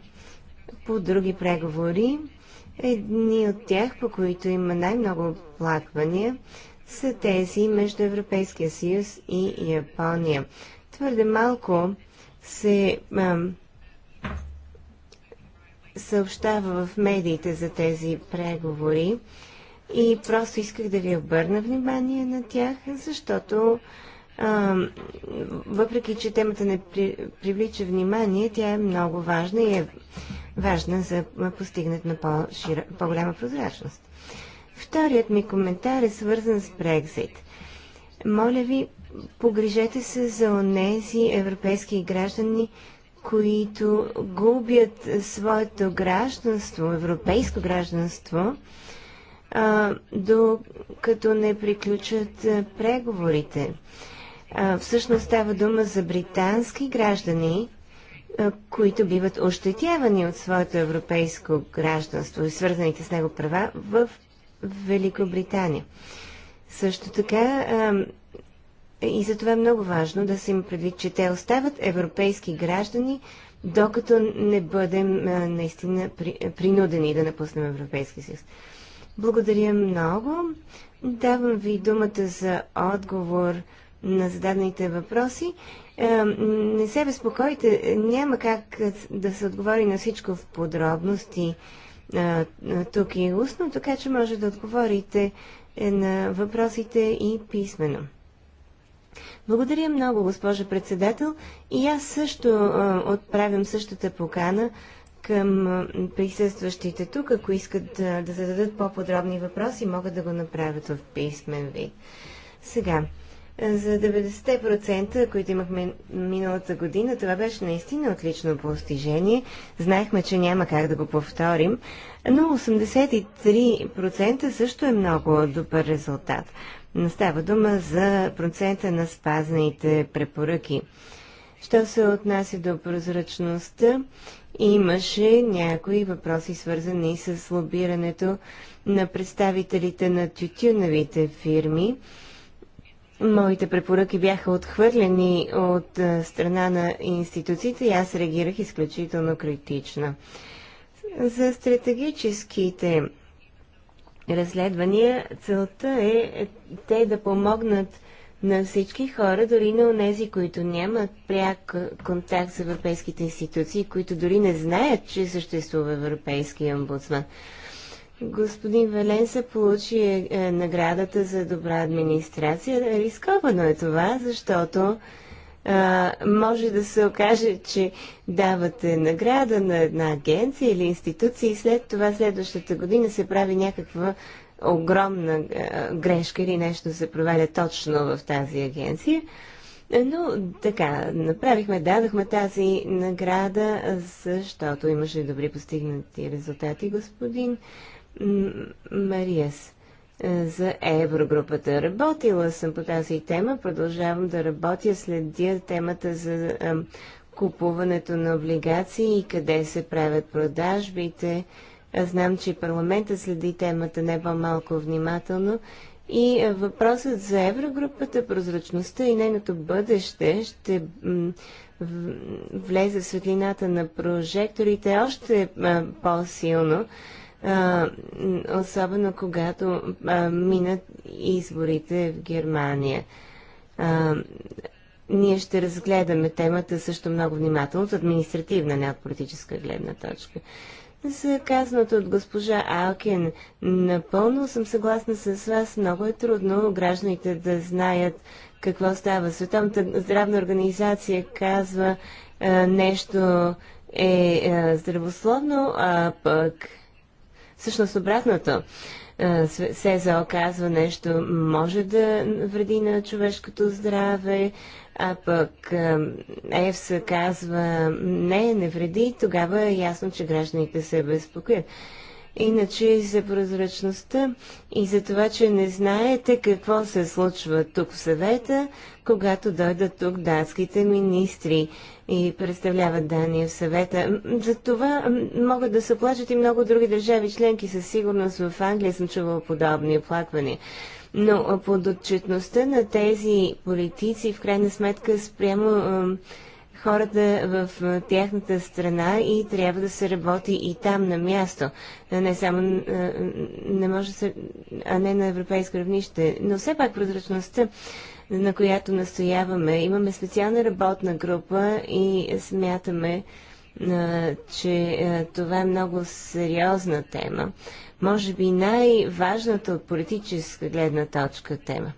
по други преговори Едни от тях, по които има най-много оплаквания, са тези между Европейския съюз и Япония. Твърде малко се а, съобщава в медиите за тези преговори и просто исках да ви обърна внимание на тях, защото въпреки че темата не при, привлича внимание, тя е много важна и е важна за постигнат на по-голяма по прозрачност. Вторият ми коментар е свързан с Брекзит. Моля ви, погрижете се за онези европейски граждани, които губят своето гражданство, европейско гражданство, докато не приключат преговорите всъщност става дума за британски граждани, които биват ощетявани от своето европейско гражданство и свързаните с него права в Великобритания. Също така, и за това е много важно да се им предвид, че те остават европейски граждани, докато не бъдем наистина принудени да напуснем Европейския съюз. Благодаря много. Давам ви думата за отговор на зададените въпроси. Е, не се безпокойте, няма как да се отговори на всичко в подробности е, тук и устно, така че може да отговорите е, на въпросите и писменно. Благодаря много, госпожа председател. И аз също отправям същата покана към присъстващите тук. Ако искат да зададат по-подробни въпроси, могат да го направят в писмен вид. Сега, за 90%, които имахме миналата година. Това беше наистина отлично постижение. Знаехме, че няма как да го повторим, но 83% също е много добър резултат. Става дума за процента на спазните препоръки. Що се отнася до прозрачността, имаше някои въпроси свързани с лобирането на представителите на тютюновите фирми. Моите препоръки бяха отхвърлени от е, страна на институциите и аз реагирах изключително критично. За стратегическите разследвания целта е те да помогнат на всички хора, дори на онези, които нямат пряк контакт с европейските институции, които дори не знаят, че съществува европейски омбудсман. Господин се получи е, е, наградата за добра администрация. Рисковано е това, защото а, може да се окаже, че давате награда на една агенция или институция и след това следващата година се прави някаква огромна а, грешка или нещо се проваля точно в тази агенция. Но така, направихме, дадахме тази награда, защото имаше добри постигнати резултати, господин Мариас е, за Еврогрупата. Работила съм по тази тема, продължавам да работя, следя темата за купуването на облигации и къде се правят продажбите. Аз знам, че парламента следи темата не по-малко внимателно и е, въпросът за Еврогрупата, прозрачността и нейното бъдеще ще влезе в светлината на прожекторите още е, по-силно а, особено когато а, минат изборите в Германия. А, ние ще разгледаме темата също много внимателно от административна, не от политическа гледна точка. За казаното от госпожа Алкин, напълно съм съгласна с вас. Много е трудно гражданите да знаят какво става. Световната здравна организация казва а, нещо е а, здравословно, а пък Всъщност обратното. СЕЗА оказва нещо, може да вреди на човешкото здраве, а пък ЕФС казва не, не вреди, тогава е ясно, че гражданите се безпокоят. Иначе за прозрачността и за това, че не знаете какво се случва тук в съвета, когато дойдат тук датските министри и представляват Дания в съвета. За това могат да се плачат и много други държави членки. Със сигурност в Англия съм чувала подобни оплаквания. Но под отчетността на тези политици, в крайна сметка, спрямо хората в тяхната страна и трябва да се работи и там на място, не само не може се, а не на европейско равнище. Но все пак прозрачността, на която настояваме, имаме специална работна група и смятаме, че това е много сериозна тема. Може би най-важната от политическа гледна точка тема.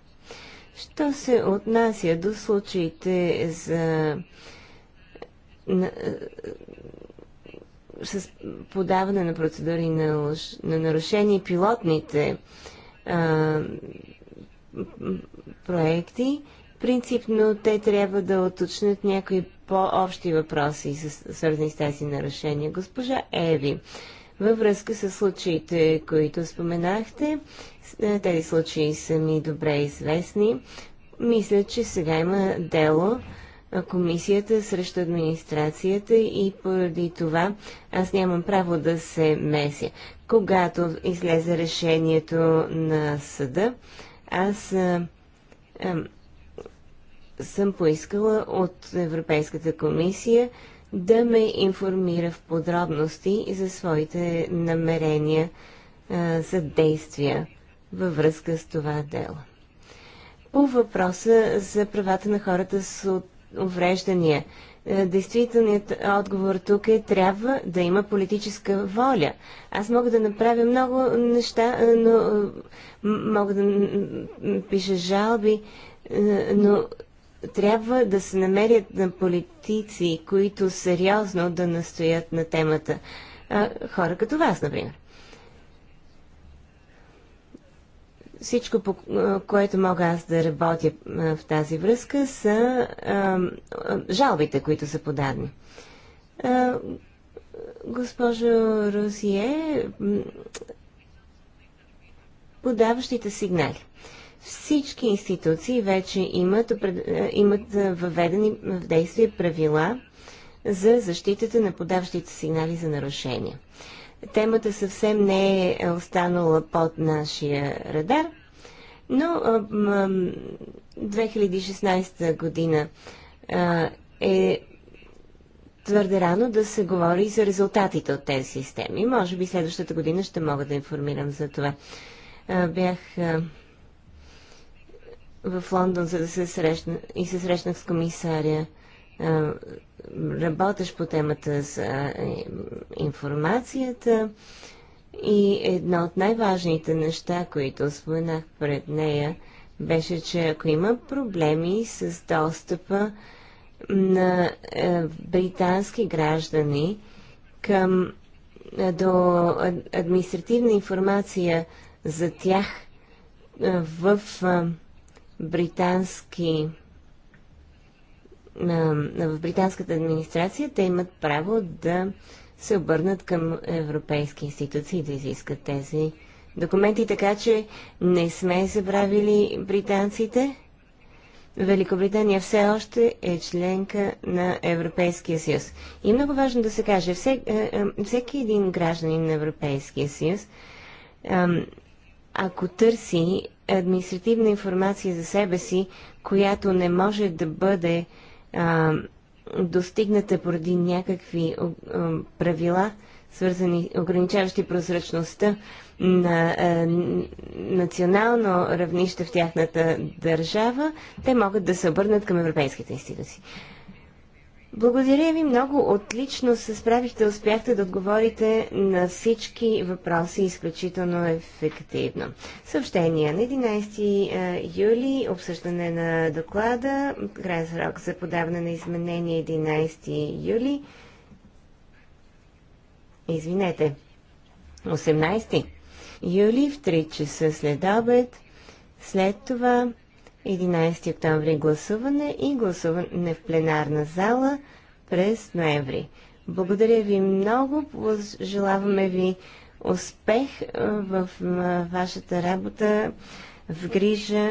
Що се отнася до случаите за на, е, с подаване на процедури на, на нарушение пилотните а, е, проекти, принципно те трябва да оточнят някои по-общи въпроси, свързани с тези нарушения. Госпожа Еви, във връзка с случаите, които споменахте, е, тези случаи са ми добре известни. Мисля, че сега има дело комисията срещу администрацията и поради това аз нямам право да се меся. Когато излезе решението на съда, аз а, а, съм поискала от Европейската комисия да ме информира в подробности за своите намерения а, за действия във връзка с това дело. По въпроса за правата на хората с увреждания. Е, действителният отговор тук е трябва да има политическа воля. Аз мога да направя много неща, е, но е, мога да пиша жалби, но трябва да се намерят на политици, които сериозно да настоят на темата. Хора като вас, например. Всичко, по което мога аз да работя в тази връзка, са жалбите, които са подадени. госпожо Русие, подаващите сигнали. Всички институции вече имат, имат въведени в действие правила за защитата на подаващите сигнали за нарушения темата съвсем не е, е останала под нашия радар, но 2016 година е твърде рано да се говори за резултатите от тези системи. Може би следващата година ще мога да информирам за това. Бях в Лондон, за да се срещна и се срещнах с комисаря работещ по темата за информацията и едно от най-важните неща, които споменах пред нея, беше, че ако има проблеми с достъпа на британски граждани към до административна информация за тях в британски в британската администрация, те имат право да се обърнат към европейски институции да изискат тези документи, така че не сме забравили британците. Великобритания все още е членка на Европейския съюз. И е много важно да се каже, всек, е, е, всеки един гражданин на Европейския съюз, ако търси административна информация за себе си, която не може да бъде а, достигната поради някакви а, правила, свързани, ограничаващи прозрачността на а, национално равнище в тяхната държава, те могат да се обърнат към европейските институции. Благодаря ви много. Отлично се справихте, успяхте да отговорите на всички въпроси изключително ефективно. Съобщение на 11 е, юли, обсъждане на доклада, край срок за подаване на изменение 11 юли. Извинете, 18 юли в 3 часа след обед. След това 11 октомври гласуване и гласуване в пленарна зала през ноември. Благодаря ви много. Желаваме ви успех е, в е, вашата работа в грижа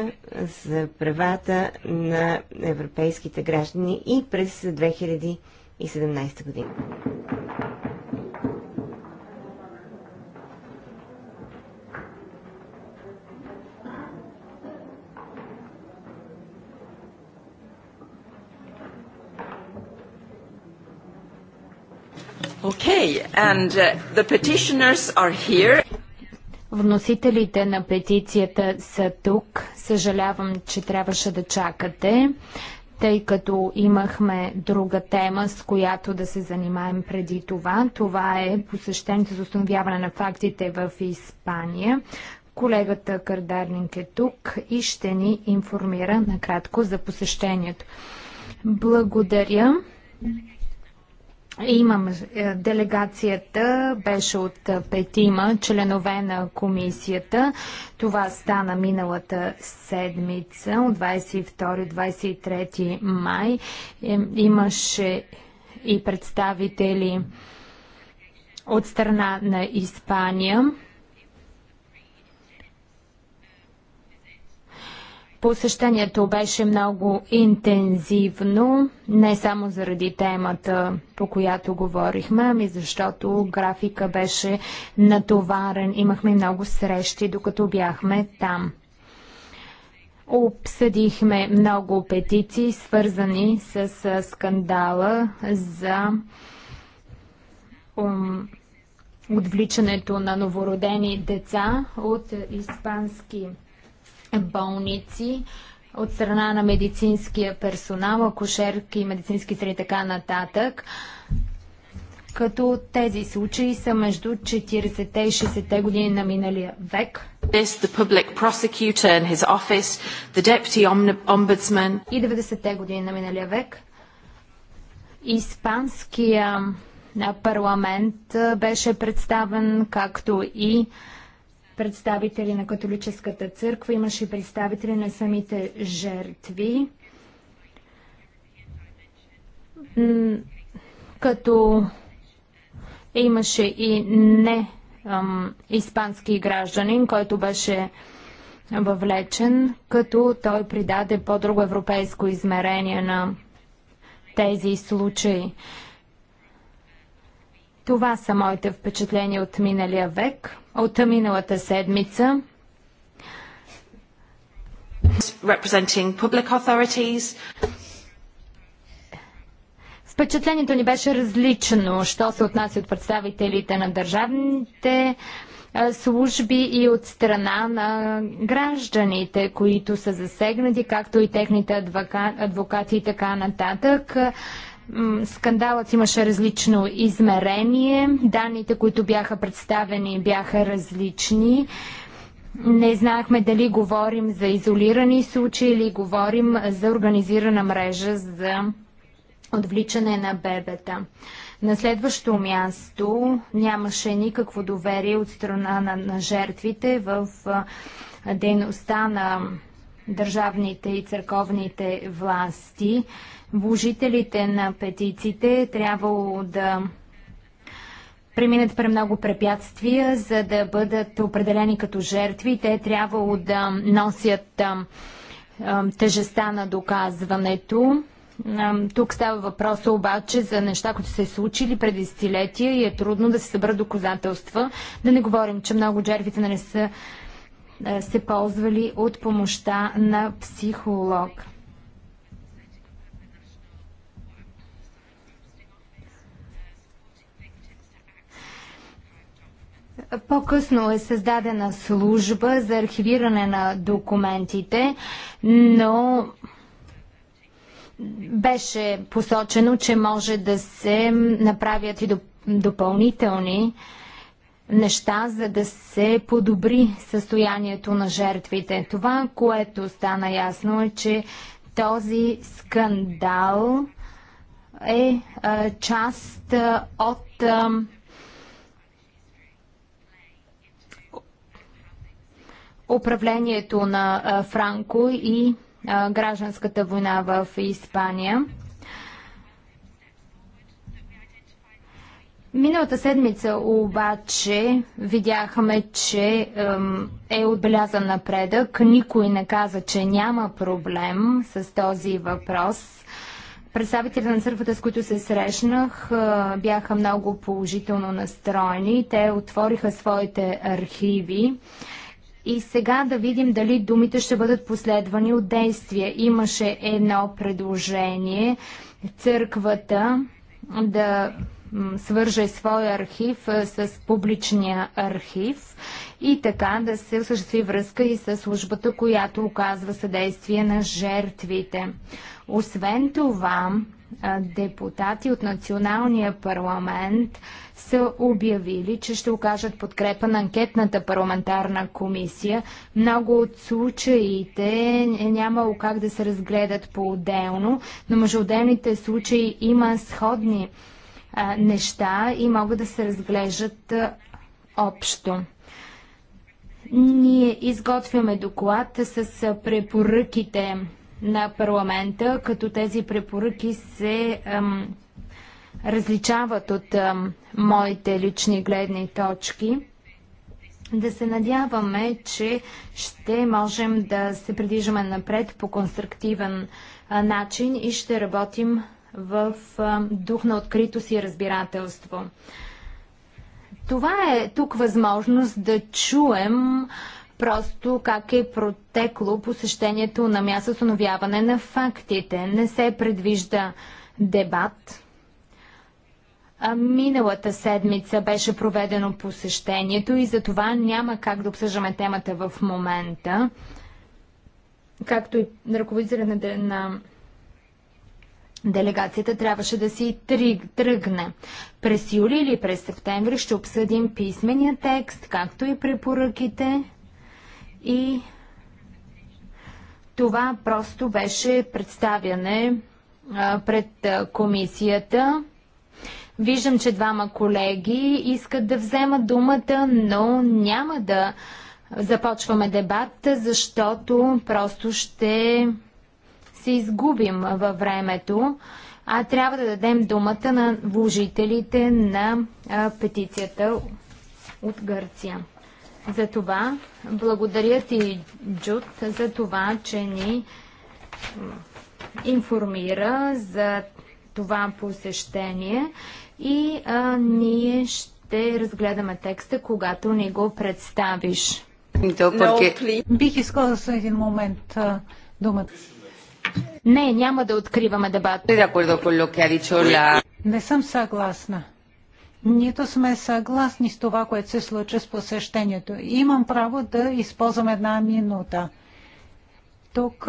за правата на европейските граждани и през 2017 година. Okay, and uh, the petitioners are here. Вносителите на петицията са тук. Съжалявам, че трябваше да чакате, тъй като имахме друга тема, с която да се занимаем преди това. Това е посещението за установяване на фактите в Испания. Колегата Кардарник е тук и ще ни информира накратко за посещението. Благодаря. Имам е, делегацията, беше от е, петима членове на комисията. Това стана миналата седмица, от 22-23 май. Е, имаше и представители от страна на Испания. Посещението беше много интензивно, не само заради темата, по която говорихме, ами защото графика беше натоварен. Имахме много срещи, докато бяхме там. Обсъдихме много петиции, свързани с скандала за отвличането на новородени деца от испански болници, от страна на медицинския персонал, акушерки, медицински сестри и така нататък. Като тези случаи са между 40-те и 60-те години на миналия век. This, office, и 90-те години на миналия век. Испанския парламент беше представен, както и представители на католическата църква, имаше представители на самите жертви. Като имаше и не ам, испански гражданин, който беше въвлечен, като той придаде по-друго европейско измерение на тези случаи. Това са моите впечатления от миналия век, от миналата седмица. Впечатлението ни беше различно, що се отнася от представителите на държавните служби и от страна на гражданите, които са засегнати, както и техните адвокати и така нататък. Скандалът имаше различно измерение, данните, които бяха представени, бяха различни. Не знаехме дали говорим за изолирани случаи или говорим за организирана мрежа за отвличане на бебета. На следващо място нямаше никакво доверие от страна на, на жертвите в дейността на държавните и църковните власти вложителите на петициите трябвало да преминат при много препятствия, за да бъдат определени като жертви. Те трябвало да носят тежеста на доказването. Тук става въпрос обаче за неща, които са случили преди десетилетия и е трудно да се събра доказателства. Да не говорим, че много жертвите не са се ползвали от помощта на психолог. По-късно е създадена служба за архивиране на документите, но беше посочено, че може да се направят и допълнителни неща, за да се подобри състоянието на жертвите. Това, което стана ясно е, че този скандал е а, част а, от а, управлението на Франко и гражданската война в Испания. Миналата седмица обаче видяхме, че е отбелязан напредък. Никой не каза, че няма проблем с този въпрос. Представителите на църквата, с които се срещнах, бяха много положително настроени. Те отвориха своите архиви и сега да видим дали думите ще бъдат последвани от действия. Имаше едно предложение църквата да свърже своя архив с публичния архив и така да се осъществи връзка и с службата, която оказва съдействие на жертвите. Освен това, депутати от националния парламент са обявили, че ще окажат подкрепа на анкетната парламентарна комисия. Много от случаите нямало как да се разгледат по-отделно, но между отделните случаи има сходни неща и могат да се разглеждат общо. Ние изготвяме доклад с препоръките на парламента, като тези препоръки се ам, различават от ам, моите лични гледни точки. Да се надяваме, че ще можем да се придвижваме напред по конструктивен а, начин и ще работим в а, дух на откритост и разбирателство. Това е тук възможност да чуем а, просто как е протекло посещението на място установяване на фактите. Не се предвижда дебат. А миналата седмица беше проведено посещението и за това няма как да обсъждаме темата в момента. Както и ръководителя на, на делегацията трябваше да си тръгне. През юли или през септември ще обсъдим писмения текст, както и препоръките и това просто беше представяне пред комисията. Виждам, че двама колеги искат да вземат думата, но няма да започваме дебат, защото просто ще се изгубим във времето, а трябва да дадем думата на вложителите на петицията от Гърция. За това благодаря ти, Джуд, за това, че ни информира за това посещение и а, ние ще разгледаме текста, когато ни го представиш. No, е- Бих искала за един момент а, думата. Не, няма да откриваме дебат. Не съм съгласна нито сме съгласни с това, което се случи с посещението. Имам право да използвам една минута. Тук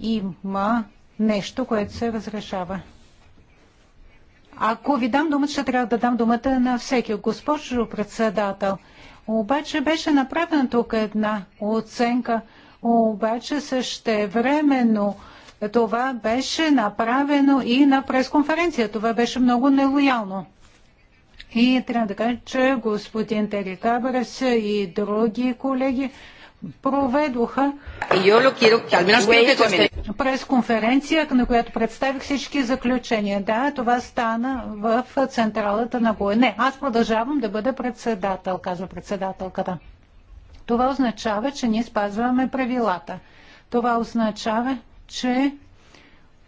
има нещо, което се разрешава. Ако ви дам думата, ще трябва да дам думата на всеки. Госпожо председател, обаче беше направена тук една оценка, обаче също времено това беше направено и на пресконференция. Това беше много нелоялно. И трябва да кажа, че господин Тери Кабрес и други колеги проведоха пресконференция, на която представих всички заключения. Да, това стана в централата на Гоя. Не, аз продължавам да бъда председател, казва председателката. Това означава, че ние спазваме правилата. Това означава, че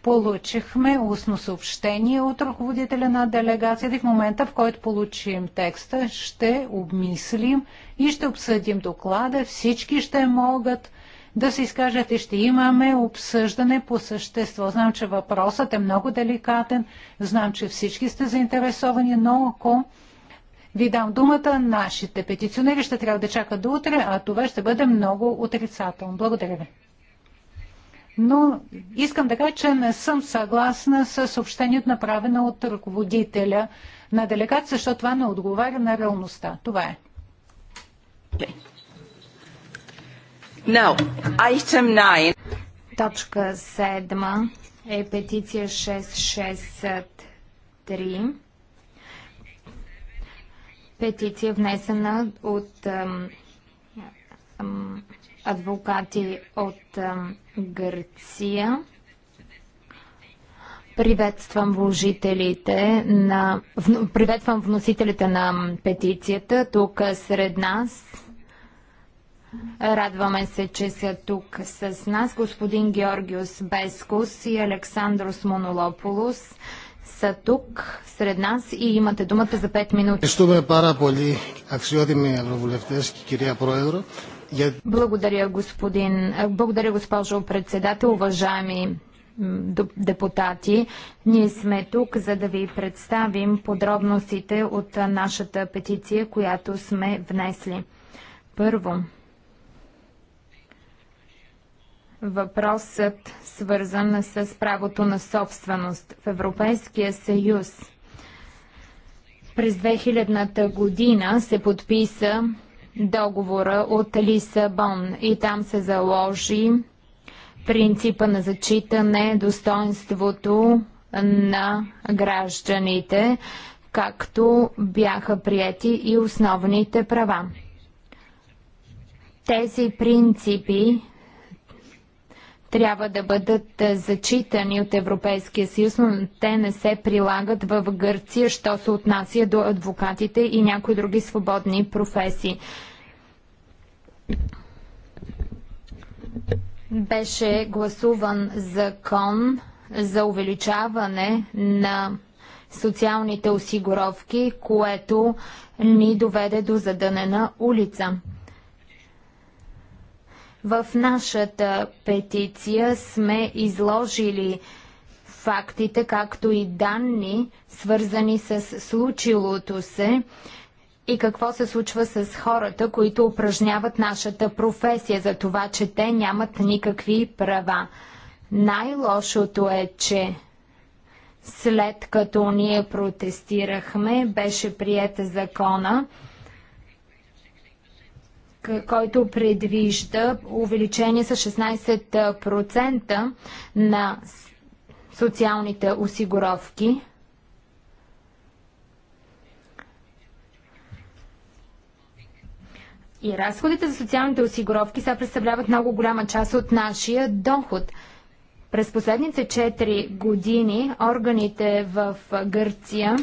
получихме устно съобщение от ръководителя на делегацията и в момента, в който получим текста, ще обмислим и ще обсъдим доклада. Всички ще могат да се изкажат и ще имаме обсъждане по същество. Знам, че въпросът е много деликатен, знам, че всички сте заинтересовани, но ако ви дам думата, нашите петиционери ще трябва да чакат до утре, а това ще бъде много отрицателно. Благодаря ви но искам да кажа, че не съм съгласна с съобщението направено от ръководителя на делегация, защото това не отговаря на реалността. Това е. Now, item 9. Точка 7 е петиция 663. Петиция внесена от ам, ам, адвокати от Гърция. Приветствам вложителите на... Приветствам вносителите на петицията тук сред нас. Радваме се, че са тук с нас господин Георгиус Бескус и Александрос Монолополус са тук сред нас и имате думата за 5 минути. Ευχαριστούμε πάρα πολύ αξιότιμοι ευρωβουλευτές και κυρία Πρόεδρο. Благодаря, господин. Благодаря, госпожо председател, уважаеми депутати. Ние сме тук, за да ви представим подробностите от нашата петиция, която сме внесли. Първо, въпросът свързан с правото на собственост в Европейския съюз. През 2000-та година се подписа договора от Лисабон и там се заложи принципа на зачитане, достоинството на гражданите, както бяха прияти и основните права. Тези принципи трябва да бъдат е, зачитани от Европейския съюз, но те не се прилагат в Гърция, що се отнася до адвокатите и някои други свободни професии. Беше гласуван закон за увеличаване на социалните осигуровки, което ни доведе до задънена улица. В нашата петиция сме изложили фактите, както и данни, свързани с случилото се и какво се случва с хората, които упражняват нашата професия за това, че те нямат никакви права. Най-лошото е, че след като ние протестирахме, беше прият закона, който предвижда увеличение с 16% на социалните осигуровки. И разходите за социалните осигуровки сега представляват много голяма част от нашия доход. През последните 4 години органите в Гърция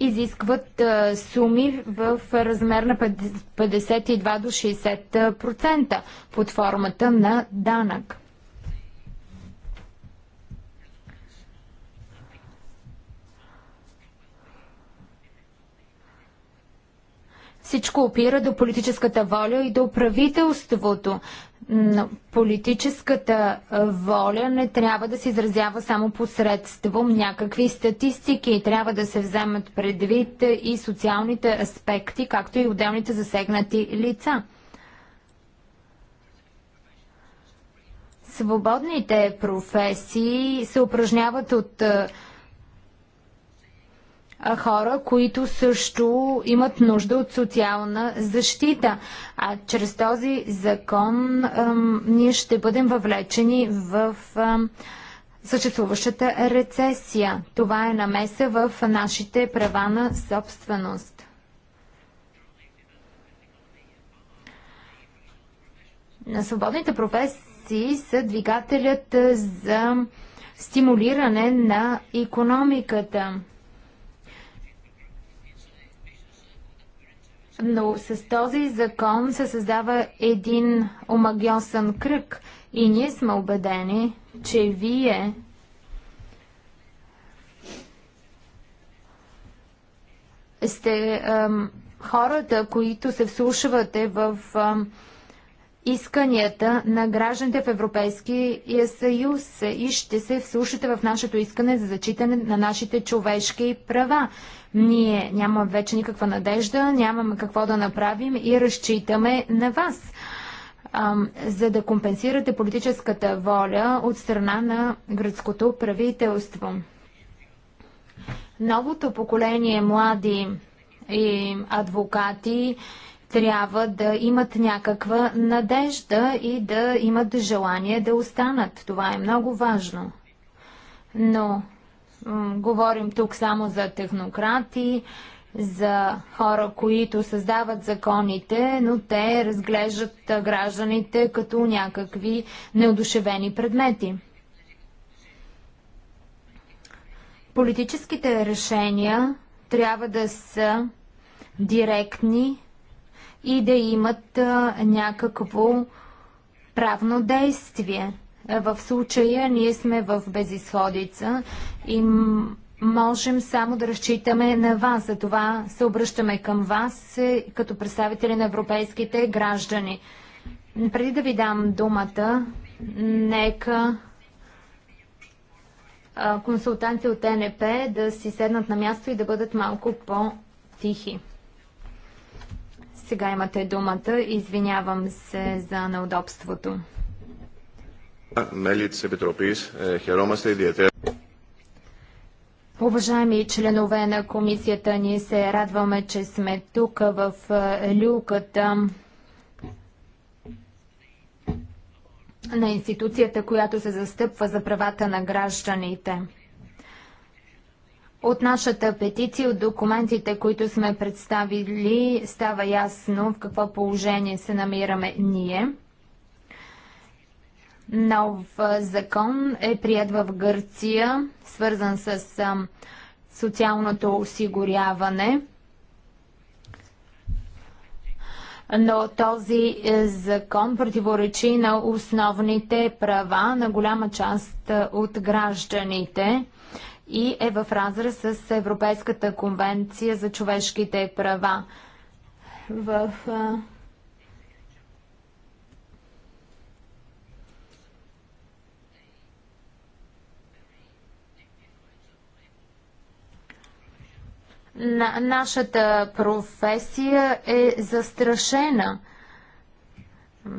изискват суми в размер на 52 до 60% под формата на данък. Всичко опира до политическата воля и до правителството. Но политическата воля не трябва да се изразява само посредством някакви статистики. Трябва да се вземат предвид и социалните аспекти, както и отделните засегнати лица. Свободните професии се упражняват от хора, които също имат нужда от социална защита. А чрез този закон ем, ние ще бъдем въвлечени в ем, съществуващата рецесия. Това е намеса в нашите права на собственост. На свободните професии са двигателят за стимулиране на економиката. Но с този закон се създава един омагиосен кръг и ние сме убедени, че вие сте ам, хората, които се вслушвате в ам, исканията на гражданите в Европейския съюз и ще се вслушате в нашето искане за зачитане на нашите човешки права. Ние нямаме вече никаква надежда, нямаме какво да направим и разчитаме на вас, за да компенсирате политическата воля от страна на гръцкото правителство. Новото поколение млади и адвокати трябва да имат някаква надежда и да имат желание да останат. Това е много важно. Но говорим тук само за технократи, за хора, които създават законите, но те разглеждат гражданите като някакви неодушевени предмети. Политическите решения трябва да са директни, и да имат а, някакво правно действие. В случая ние сме в безисходица и можем само да разчитаме на вас. За това се обръщаме към вас е, като представители на европейските граждани. Преди да ви дам думата, нека консултанти от НП е да си седнат на място и да бъдат малко по-тихи. Сега имате думата. Извинявам се за неудобството. Мели е, Уважаеми членове на комисията, ние се радваме, че сме тук в е, люката на институцията, която се застъпва за правата на гражданите. От нашата петиция, от документите, които сме представили, става ясно в какво положение се намираме ние. Нов закон е прият в Гърция, свързан с социалното осигуряване. Но този е, закон противоречи на основните права на голяма част от гражданите – и е в разрез с Европейската конвенция за човешките права. В На, нашата професия е застрашена.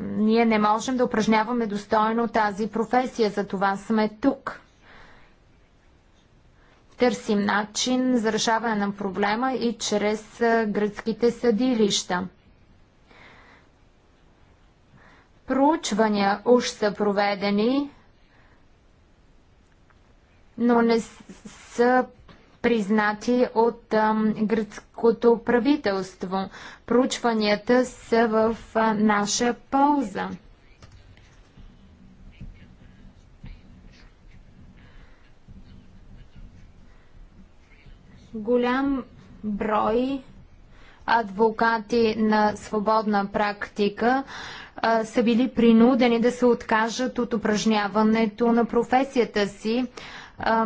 Ние не можем да упражняваме достойно тази професия, за това сме тук търсим начин за решаване на проблема и чрез гръцките съдилища. Проучвания уж са проведени, но не са признати от гръцкото правителство. Проучванията са в наша полза. Голям брой адвокати на свободна практика а, са били принудени да се откажат от упражняването на професията си а,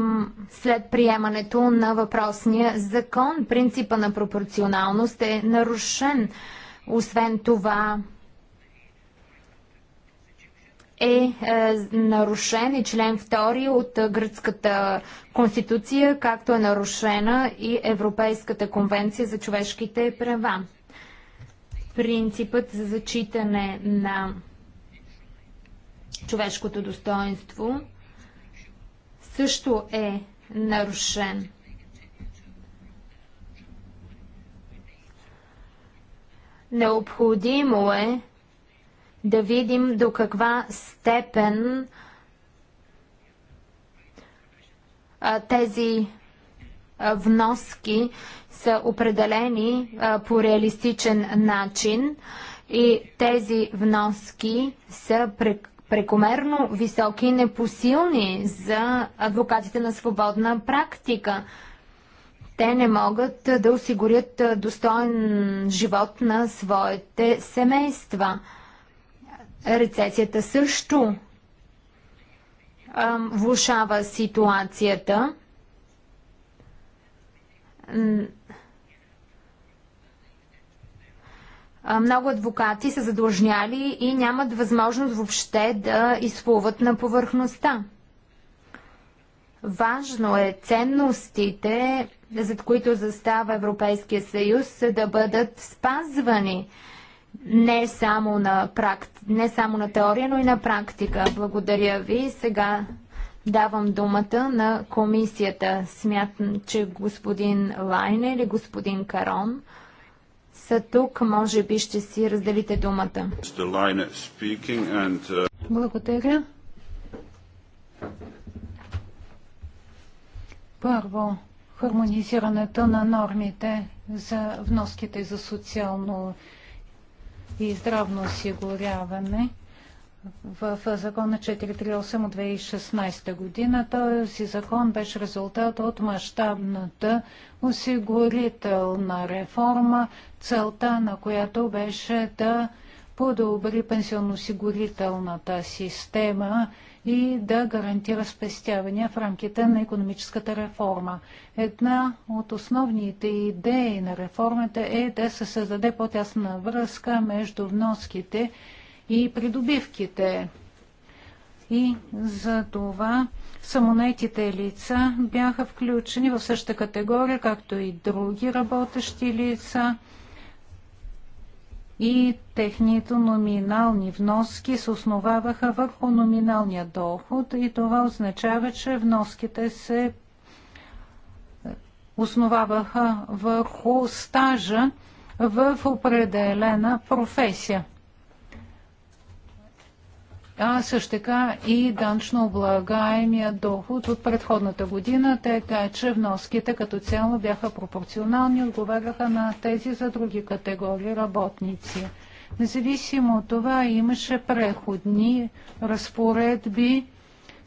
след приемането на въпросния закон. Принципа на пропорционалност е нарушен. Освен това, е, е нарушен и член 2 от е, гръцката конституция, както е нарушена и Европейската конвенция за човешките права. Принципът за зачитане на човешкото достоинство също е нарушен. Необходимо е да видим до каква степен тези вноски са определени по реалистичен начин и тези вноски са прекомерно високи и непосилни за адвокатите на свободна практика. Те не могат да осигурят достоен живот на своите семейства. Рецесията също влушава ситуацията. Много адвокати са задлъжняли и нямат възможност въобще да изплуват на повърхността. Важно е ценностите, зад които застава Европейския съюз, да бъдат спазвани не само на, практи... не само на теория, но и на практика. Благодаря ви. Сега давам думата на комисията. Смятам, че господин Лайне или господин Карон са тук. Може би ще си разделите думата. Uh, Благодаря. Първо, хармонизирането на нормите за вноските за социално и здравно осигуряване в закона 438 от 2016 година. Този закон беше резултат от мащабната осигурителна реформа, целта на която беше да подобри пенсионно-осигурителната система и да гарантира спестявания в рамките на економическата реформа. Една от основните идеи на реформата е да се създаде по-тясна връзка между вноските и придобивките. И за това самонетите лица бяха включени в същата категория, както и други работещи лица – и техните номинални вноски се основаваха върху номиналния доход и това означава, че вноските се е, основаваха върху стажа в определена професия а също така и данчно облагаемия доход от предходната година, така че вноските като цяло бяха пропорционални, отговаряха на тези за други категории работници. Независимо от това имаше преходни разпоредби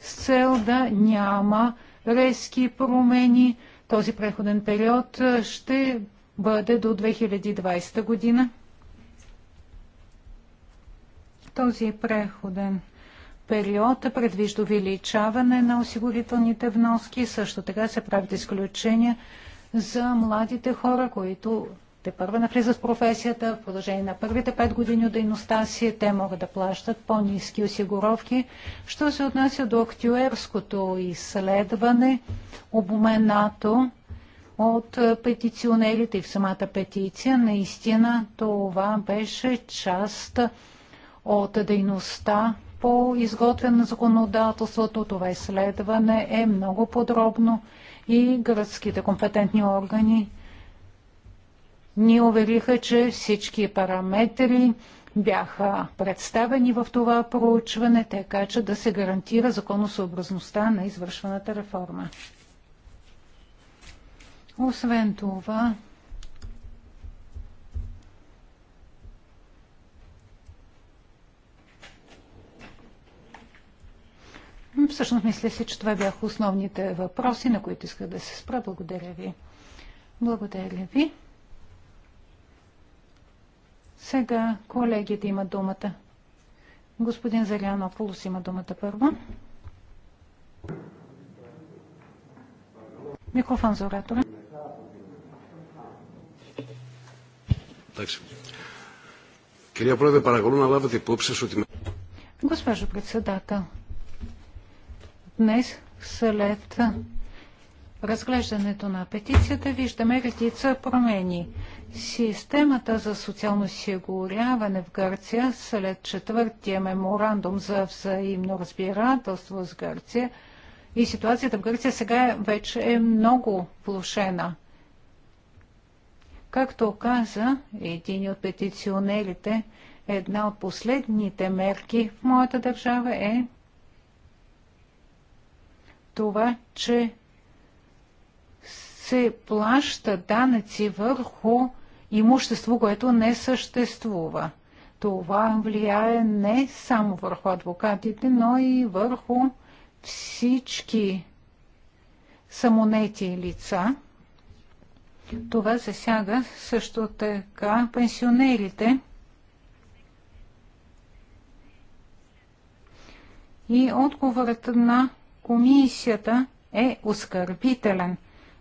с цел да няма резки промени. Този преходен период ще бъде до 2020 година. Този преходен период предвижда увеличаване на осигурителните вноски. Също така се правят изключения за младите хора, които те първа навлизат в професията, в продължение на първите пет години от дейността си, те могат да плащат по-низки осигуровки. Що се отнася до актюерското изследване, обоменато от петиционерите и в самата петиция, наистина това беше част от от дейността по изготвяне на законодателството. Това изследване е много подробно и гръцките компетентни органи ни увериха, че всички параметри бяха представени в това проучване, така че да се гарантира законосъобразността на извършваната реформа. Освен това, Всъщност мисля си, че това бяха основните въпроси, на които исках да се спра. Благодаря ви. Благодаря ви. Сега колегите имат думата. Господин Зелянополос има думата първо. Микрофон за оратора. Госпожо председател, Днес, след разглеждането на петицията, виждаме редица промени. Системата за социално осигуряване в Гърция след четвъртия меморандум за взаимно разбирателство с Гърция и ситуацията в Гърция сега е, вече е много влушена. Както каза един от петиционерите, една от последните мерки в моята държава е това, че се плаща данъци върху имущество, което не съществува. Това влияе не само върху адвокатите, но и върху всички самонети лица. Това засяга също така пенсионерите. И отговорът на комисията е оскърбителен,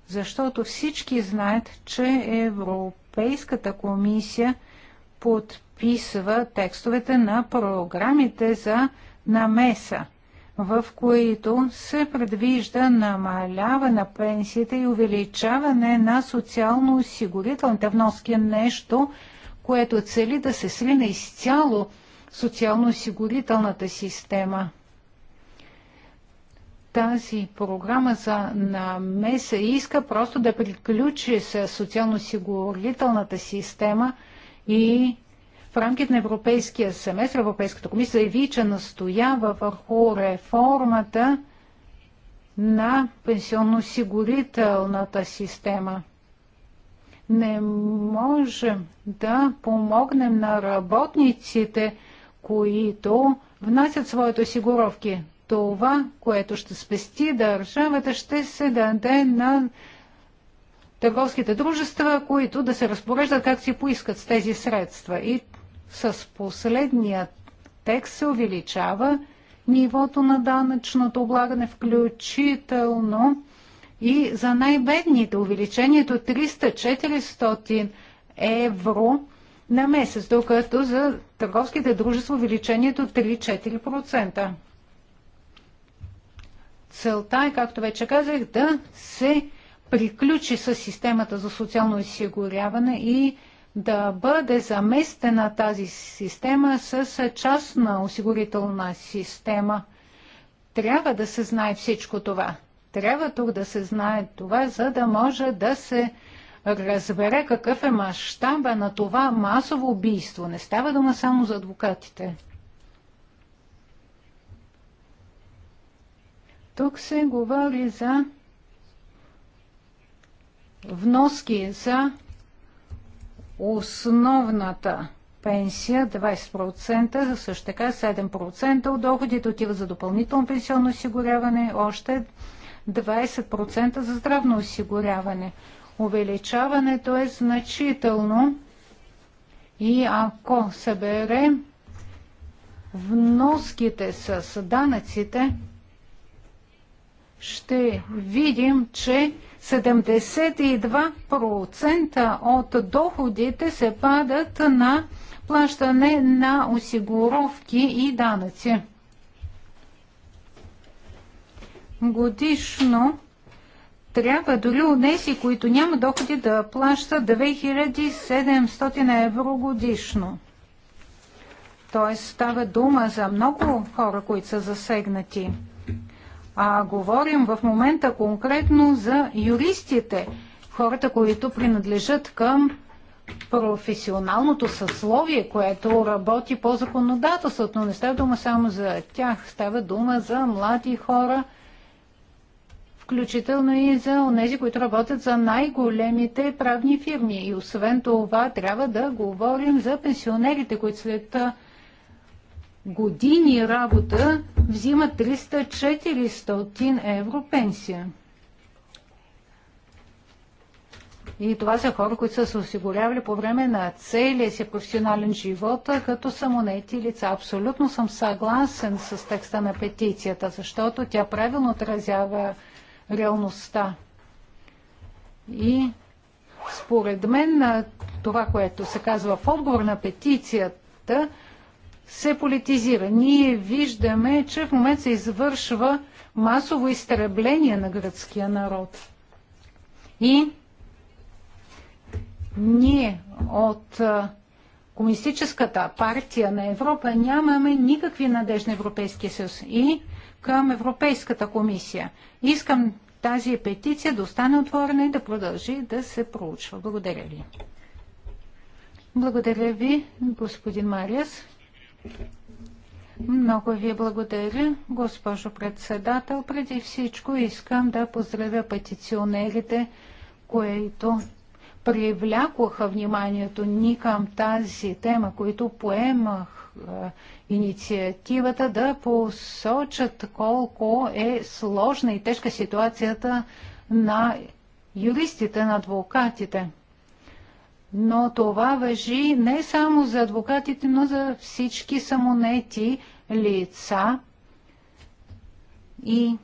защото всички знаят, че Европейската комисия подписва текстовете на програмите за намеса, в които се предвижда намаляване на пенсиите и увеличаване на социално-осигурителните вноски, нещо, което цели да се срине изцяло социално-осигурителната система – тази програма за намеса иска просто да приключи с социално сигурителната система и в рамките на Европейския семестър Европейската комисия заяви, че настоява върху реформата на пенсионно сигурителната система. Не можем да помогнем на работниците, които внасят своите осигуровки това, което ще спести държавата, ще се даде на търговските дружества, които да се разпореждат как си поискат с тези средства. И с последния текст се увеличава нивото на данъчното облагане, включително и за най-бедните увеличението 300-400 е евро на месец, докато за търговските дружества увеличението 3-4%. Е Целта е, както вече казах, да се приключи с системата за социално осигуряване и да бъде заместена тази система с частна осигурителна система. Трябва да се знае всичко това. Трябва тук да се знае това, за да може да се разбере какъв е мащаба на това масово убийство. Не става дума само за адвокатите. Тук се говори за вноски за основната пенсия 20%, за също така 7% от доходите отива за допълнително пенсионно осигуряване, още 20% за здравно осигуряване. Увеличаването е значително и ако съберем вноските с данъците, ще видим, че 72% от доходите се падат на плащане на осигуровки и данъци. Годишно трябва дори у неси, които няма доходи да плащат 2700 евро годишно. Тоест става дума за много хора, които са засегнати а говорим в момента конкретно за юристите, хората, които принадлежат към професионалното съсловие, което работи по законодателството, но не става дума само за тях, става дума за млади хора, включително и за онези, които работят за най-големите правни фирми. И освен това трябва да говорим за пенсионерите, които след години работа взима 300-400 евро пенсия. И това са хора, които са се осигурявали по време на целия си професионален живот, като самонети лица. Абсолютно съм съгласен с текста на петицията, защото тя правилно отразява реалността. И според мен това, което се казва в отговор на петицията, се политизира. Ние виждаме, че в момента се извършва масово изтребление на гръцкия народ. И ние от Комунистическата партия на Европа нямаме никакви надежди на Европейския съюз и към Европейската комисия. Искам тази петиция да остане отворена и да продължи да се проучва. Благодаря ви. Благодаря ви, господин Мариас. Много ви благодаря, госпожо председател. Преди всичко искам да поздравя петиционерите, които привлякоха вниманието ни към тази тема, които поемах е, инициативата да посочат колко е сложна и тежка ситуацията на юристите, на адвокатите но това въжи не само за адвокатите, но за всички самонети лица. И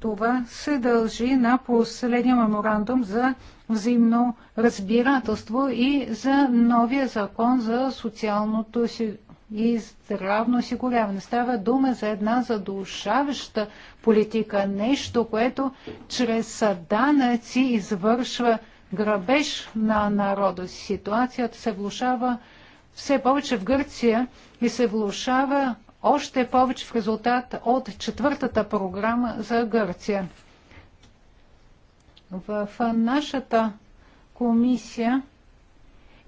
това се дължи на последния меморандум за взаимно разбирателство и за новия закон за социалното си и здравно осигуряване. Става дума за една задушаваща политика, нещо, което чрез данъци извършва грабеж на народа. Ситуацията се влушава все повече в Гърция и се влушава още повече в резултат от четвъртата програма за Гърция. В нашата комисия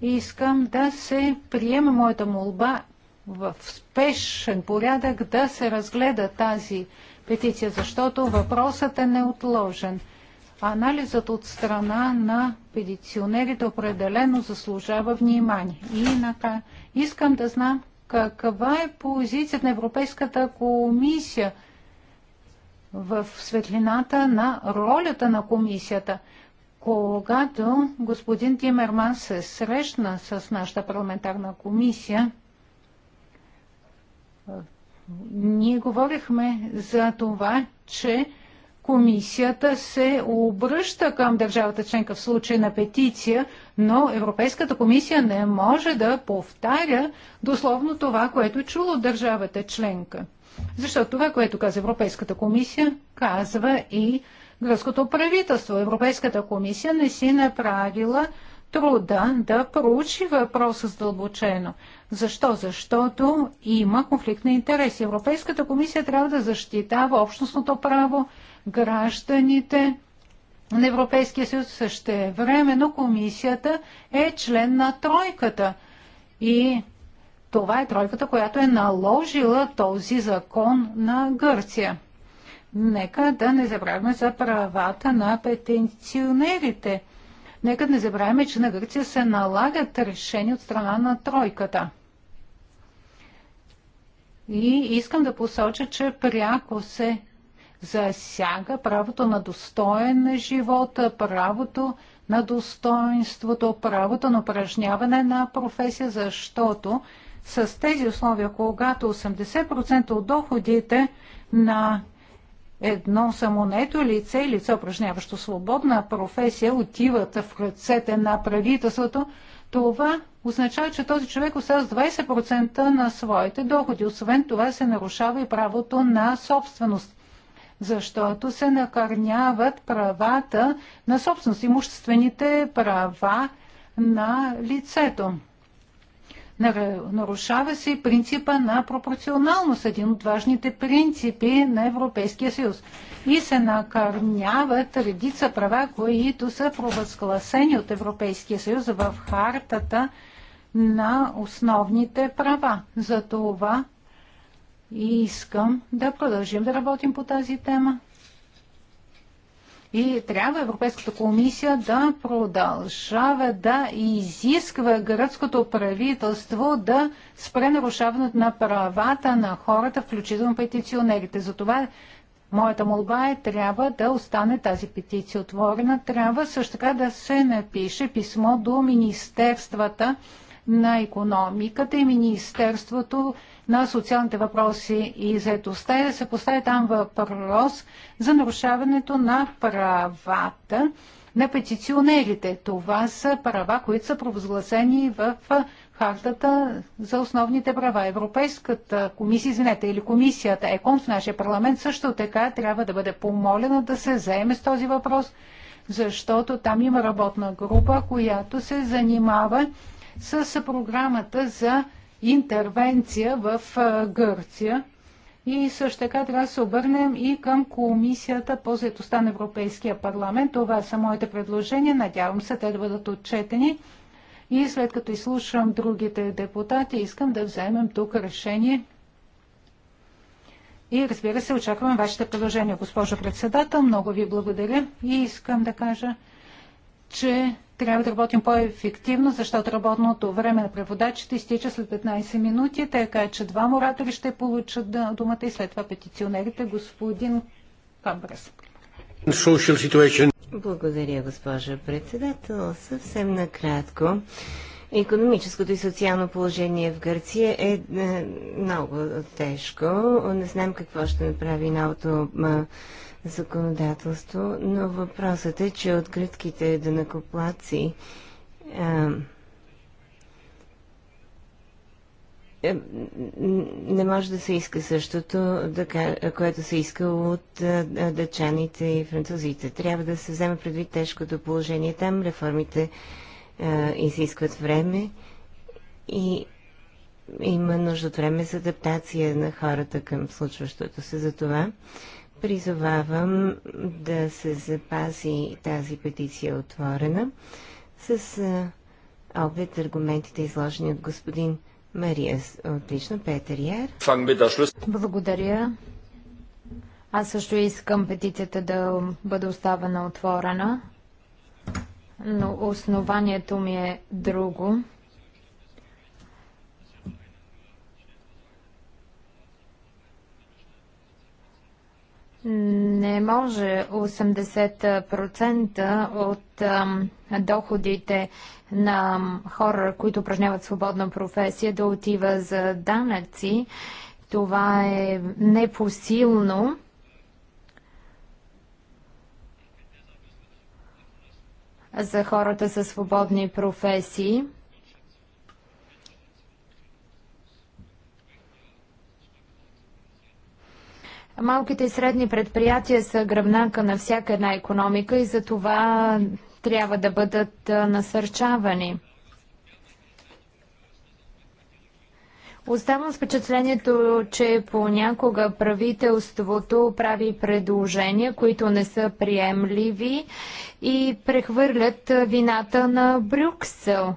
искам да се приема моята молба в спешен порядък да се разгледа тази петиция, защото въпросът е неотложен – Анализът от страна на педиционерите определено заслужава внимание. И нака... искам да знам каква е позицията на Европейската комисия в светлината на ролята на комисията. Когато господин Тимерман се срещна с нашата парламентарна комисия, ние говорихме за това, че комисията се обръща към държавата членка в случай на петиция, но Европейската комисия не може да повтаря дословно това, което е чуло държавата членка. Защото това, което каза Европейската комисия, казва и гръцкото правителство. Европейската комисия не си направила труда да проучи въпроса задълбочено. Защо? Защото има конфликт на интереси. Европейската комисия трябва да защитава общностното право, гражданите на Европейския съюз. също е времено комисията е член на тройката. И това е тройката, която е наложила този закон на Гърция. Нека да не забравяме за правата на петенционерите. Нека да не забравяме, че на Гърция се налагат решения от страна на тройката. И искам да посоча, че пряко се засяга правото на достоен живот, правото на достоинството, правото на упражняване на професия, защото с тези условия, когато 80% от доходите на едно самонето лице, лице упражняващо свободна професия, отиват в ръцете на правителството, това означава, че този човек остава с 20% на своите доходи. Освен това се нарушава и правото на собственост защото се накърняват правата на собственост, имуществените права на лицето. Нарушава се и принципа на пропорционалност, един от важните принципи на Европейския съюз. И се накърняват редица права, които са провъзгласени от Европейския съюз в хартата на основните права. За това и искам да продължим да работим по тази тема. И трябва Европейската комисия да продължава да изисква гръцкото правителство да спре нарушаването на правата на хората, включително петиционерите. Затова моята молба е трябва да остане тази петиция отворена. Трябва също така да се напише писмо до министерствата на економиката и Министерството на социалните въпроси и заедостта е се постави там въпрос за нарушаването на правата на петиционерите. Това са права, които са провозгласени в Хартата за основните права. Европейската комисия, извинете, или комисията ЕКОН в нашия парламент също така трябва да бъде помолена да се заеме с този въпрос, защото там има работна група, която се занимава с програмата за интервенция в Гърция. И също така трябва да се обърнем и към Комисията по заедостта на Европейския парламент. Това са моите предложения. Надявам се те да бъдат отчетени. И след като изслушам другите депутати, искам да вземем тук решение. И разбира се, очаквам вашите предложения, госпожо председател. Много ви благодаря. И искам да кажа, че трябва да работим по-ефективно, защото работното време на преводачите изтича след 15 минути, така че два моратори ще получат думата и след това петиционерите господин Камбрес. Благодаря, госпожа председател. Съвсем накратко. Економическото и социално положение в Гърция е, е много тежко. Не знам какво ще направи новото законодателство, но въпросът е, че откритките гръцките данакоплаци е, не може да се иска същото, което се иска от дъчаните и французите. Трябва да се вземе предвид тежкото положение там. Реформите а, изискват време и има нужда от време за адаптация на хората към случващото се. Затова призовавам да се запази тази петиция отворена с оглед аргументите изложени от господин Мария Отлично, Петър Яр. Благодаря. Аз също искам петицията да бъде оставена отворена, но основанието ми е друго. Не може 80% от ам, доходите на хора, които упражняват свободна професия, да отива за данъци. Това е непосилно. за хората със свободни професии. Малките и средни предприятия са гръбнака на всяка една економика и за това трябва да бъдат насърчавани. Оставам с впечатлението, че понякога правителството прави предложения, които не са приемливи и прехвърлят вината на Брюксел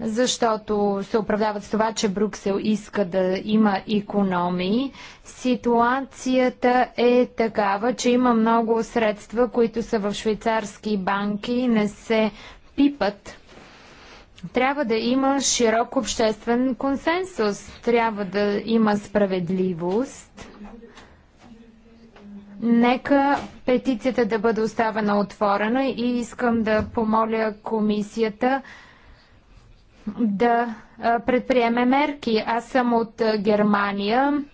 защото се оправдават с това, че Брюксел иска да има економии. Ситуацията е такава, че има много средства, които са в швейцарски банки и не се пипат. Трябва да има широк обществен консенсус, трябва да има справедливост. Нека петицията да бъде оставена отворена и искам да помоля комисията да предприеме мерки. Аз съм от Германия.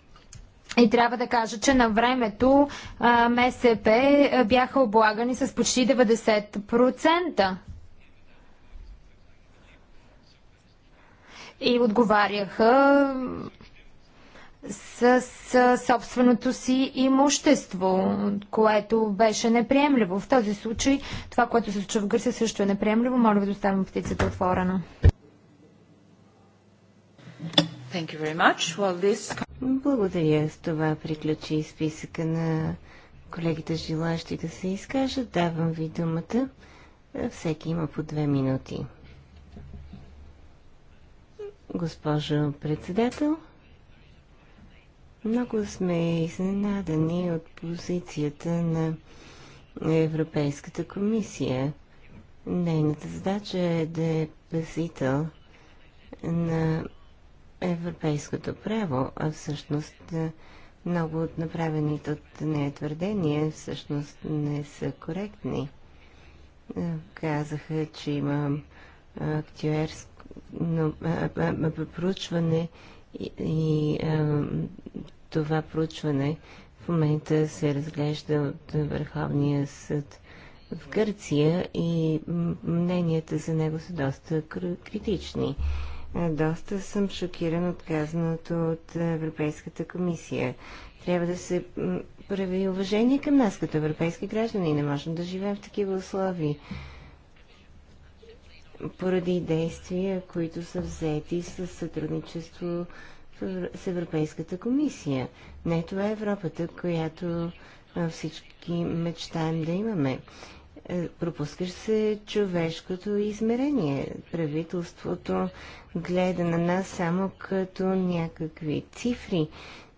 И трябва да кажа, че на времето МСП бяха облагани с почти 90%. И отговаряха с, с собственото си имущество, което беше неприемливо. В този случай това, което се случва в Гърция, също е неприемливо. Моля ви да оставим птицата отворена. Well, this... Благодаря. С това приключи списъка на колегите желащи да се изкажат. Давам ви думата. Всеки има по две минути. Госпожо председател, много сме изненадани от позицията на Европейската комисия. Нейната задача е да е пазител на европейското право, а всъщност е, много от направените от нея твърдения всъщност не са коректни. Е, казаха, че има актюерско проучване и, това проучване в момента се разглежда от Върховния съд в Гърция и мненията за него са доста критични доста съм шокиран от казаното от Европейската комисия. Трябва да се прави уважение към нас като европейски граждани. Не можем да живеем в такива условия поради действия, които са взети с сътрудничество с Европейската комисия. Не това е Европата, която всички мечтаем да имаме. Е, пропускаш се човешкото измерение. Правителството гледа на нас само като някакви цифри.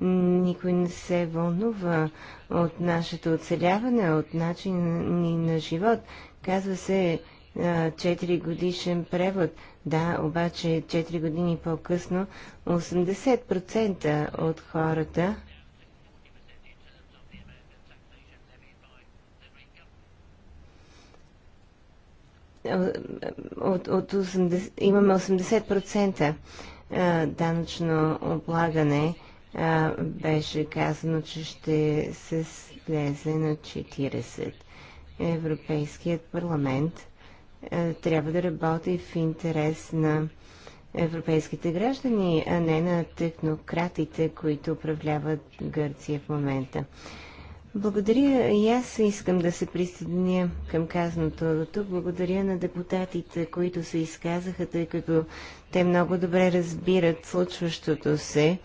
Никой не се вълнува от нашето оцеляване, от начин ни на живот. Казва се 4 годишен превод. Да, обаче 4 години по-късно 80% от хората от, от 80, имаме 80% е, данъчно облагане. Е, беше казано, че ще се слезе на 40. Европейският парламент е, трябва да работи в интерес на европейските граждани, а не на технократите, които управляват Гърция в момента. Благодаря и аз искам да се присъединя към казаното до тук. Благодаря на депутатите, които се изказаха, тъй като те много добре разбират случващото се,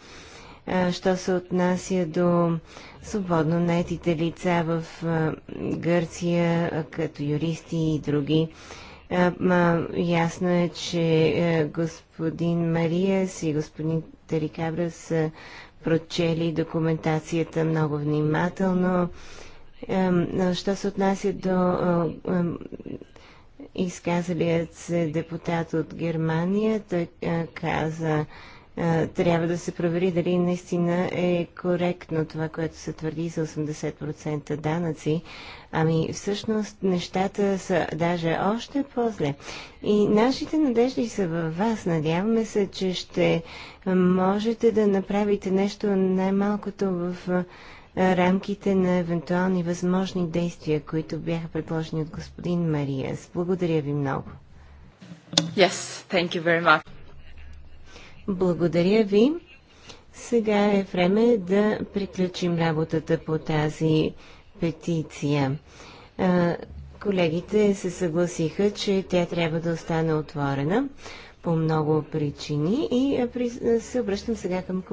а, що се отнася до свободно наетите лица в а, Гърция, а, като юристи и други. Ясно е, че господин Мариас и господин Терикабра са прочели документацията много внимателно. Що се отнася до изказалият се депутат от Германия, той каза, е, трябва да се провери дали наистина е коректно това, което се твърди за 80% данъци. Ами всъщност нещата са даже още по-зле. И нашите надежди са във вас. Надяваме се, че ще можете да направите нещо най-малкото в е, рамките на евентуални възможни действия, които бяха предложени от господин Мария. Благодаря ви много. Yes, thank you very much. Благодаря ви. Сега е време да приключим работата по тази петиция. Колегите се съгласиха, че тя трябва да остане отворена по много причини и е, е, се обръщам сега към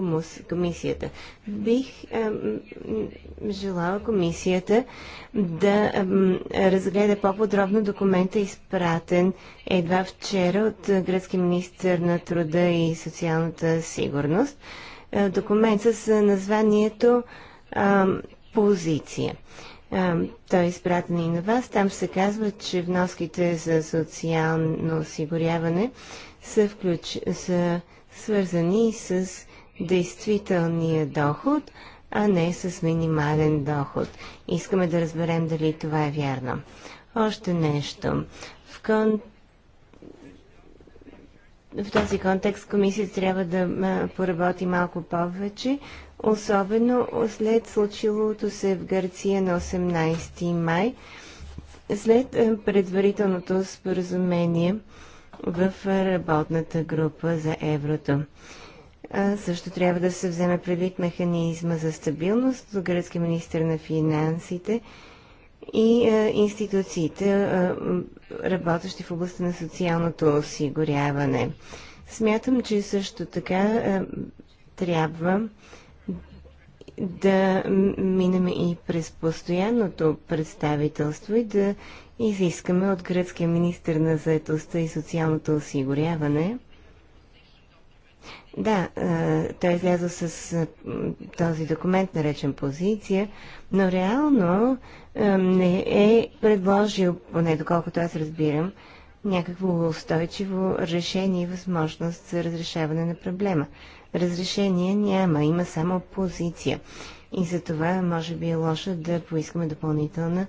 комисията. Бих е, желала комисията да разгледа по-подробно документа, изпратен едва вчера от гръцки министр на труда и социалната сигурност. Документ с названието позиция. Той е изпратен и на вас. Там се казва, че вноските за социално осигуряване са, включ... са свързани с действителния доход, а не с минимален доход. Искаме да разберем дали това е вярно. Още нещо. В, кон... в този контекст комисията трябва да поработи малко повече особено след случилото се в Гърция на 18 май, след е, предварителното споразумение в работната група за еврото. А, също трябва да се вземе предвид механизма за стабилност до гръцки министр на финансите и а, е, институциите, а, е, работещи в областта на социалното осигуряване. Смятам, че също така трябва да минем и през постоянното представителство и да изискаме от гръцкия министр на заедостта и социалното осигуряване. Да, той излязъл с този документ, наречен позиция, но реално не е предложил, поне доколкото аз разбирам, някакво устойчиво решение и възможност за разрешаване на проблема разрешение няма, има само позиция. И за това може би е лошо да поискаме допълнителна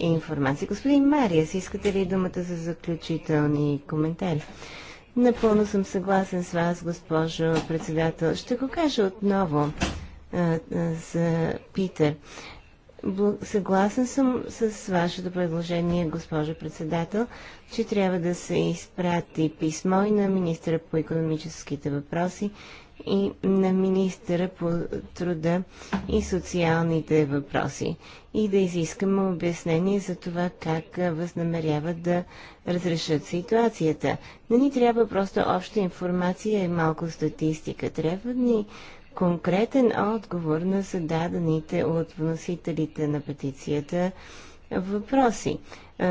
информация. Господин Мария, си искате ли думата за заключителни коментари? Напълно съм съгласен с вас, госпожо председател. Ще го кажа отново а, а, за Питър. Съгласен съм с вашето предложение, госпожо председател, че трябва да се изпрати писмо и на министра по економическите въпроси и на министъра по труда и социалните въпроси и да изискаме обяснение за това как възнамеряват да разрешат ситуацията. Не ни трябва просто обща информация и малко статистика. Трябва ни конкретен отговор на зададените от вносителите на петицията въпроси.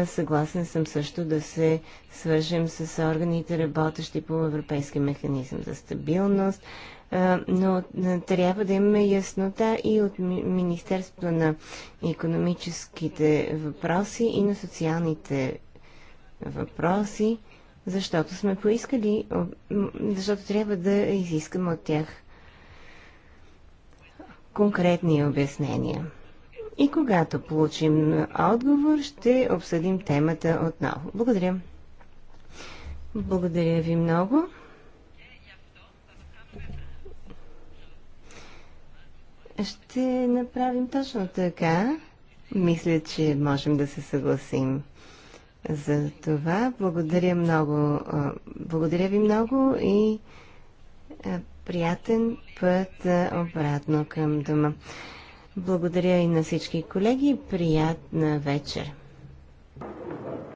Съгласен съм също да се свържем с органите, работещи по Европейски механизъм за стабилност, но трябва да имаме яснота и от Министерството на економическите въпроси и на социалните въпроси, защото сме поискали, защото трябва да изискаме от тях конкретни обяснения. И когато получим отговор, ще обсъдим темата отново. Благодаря. Благодаря ви много. Ще направим точно така. Мисля, че можем да се съгласим за това. Благодаря много. Благодаря ви много и приятен път обратно към дома. Благодаря и на всички колеги. Приятна вечер!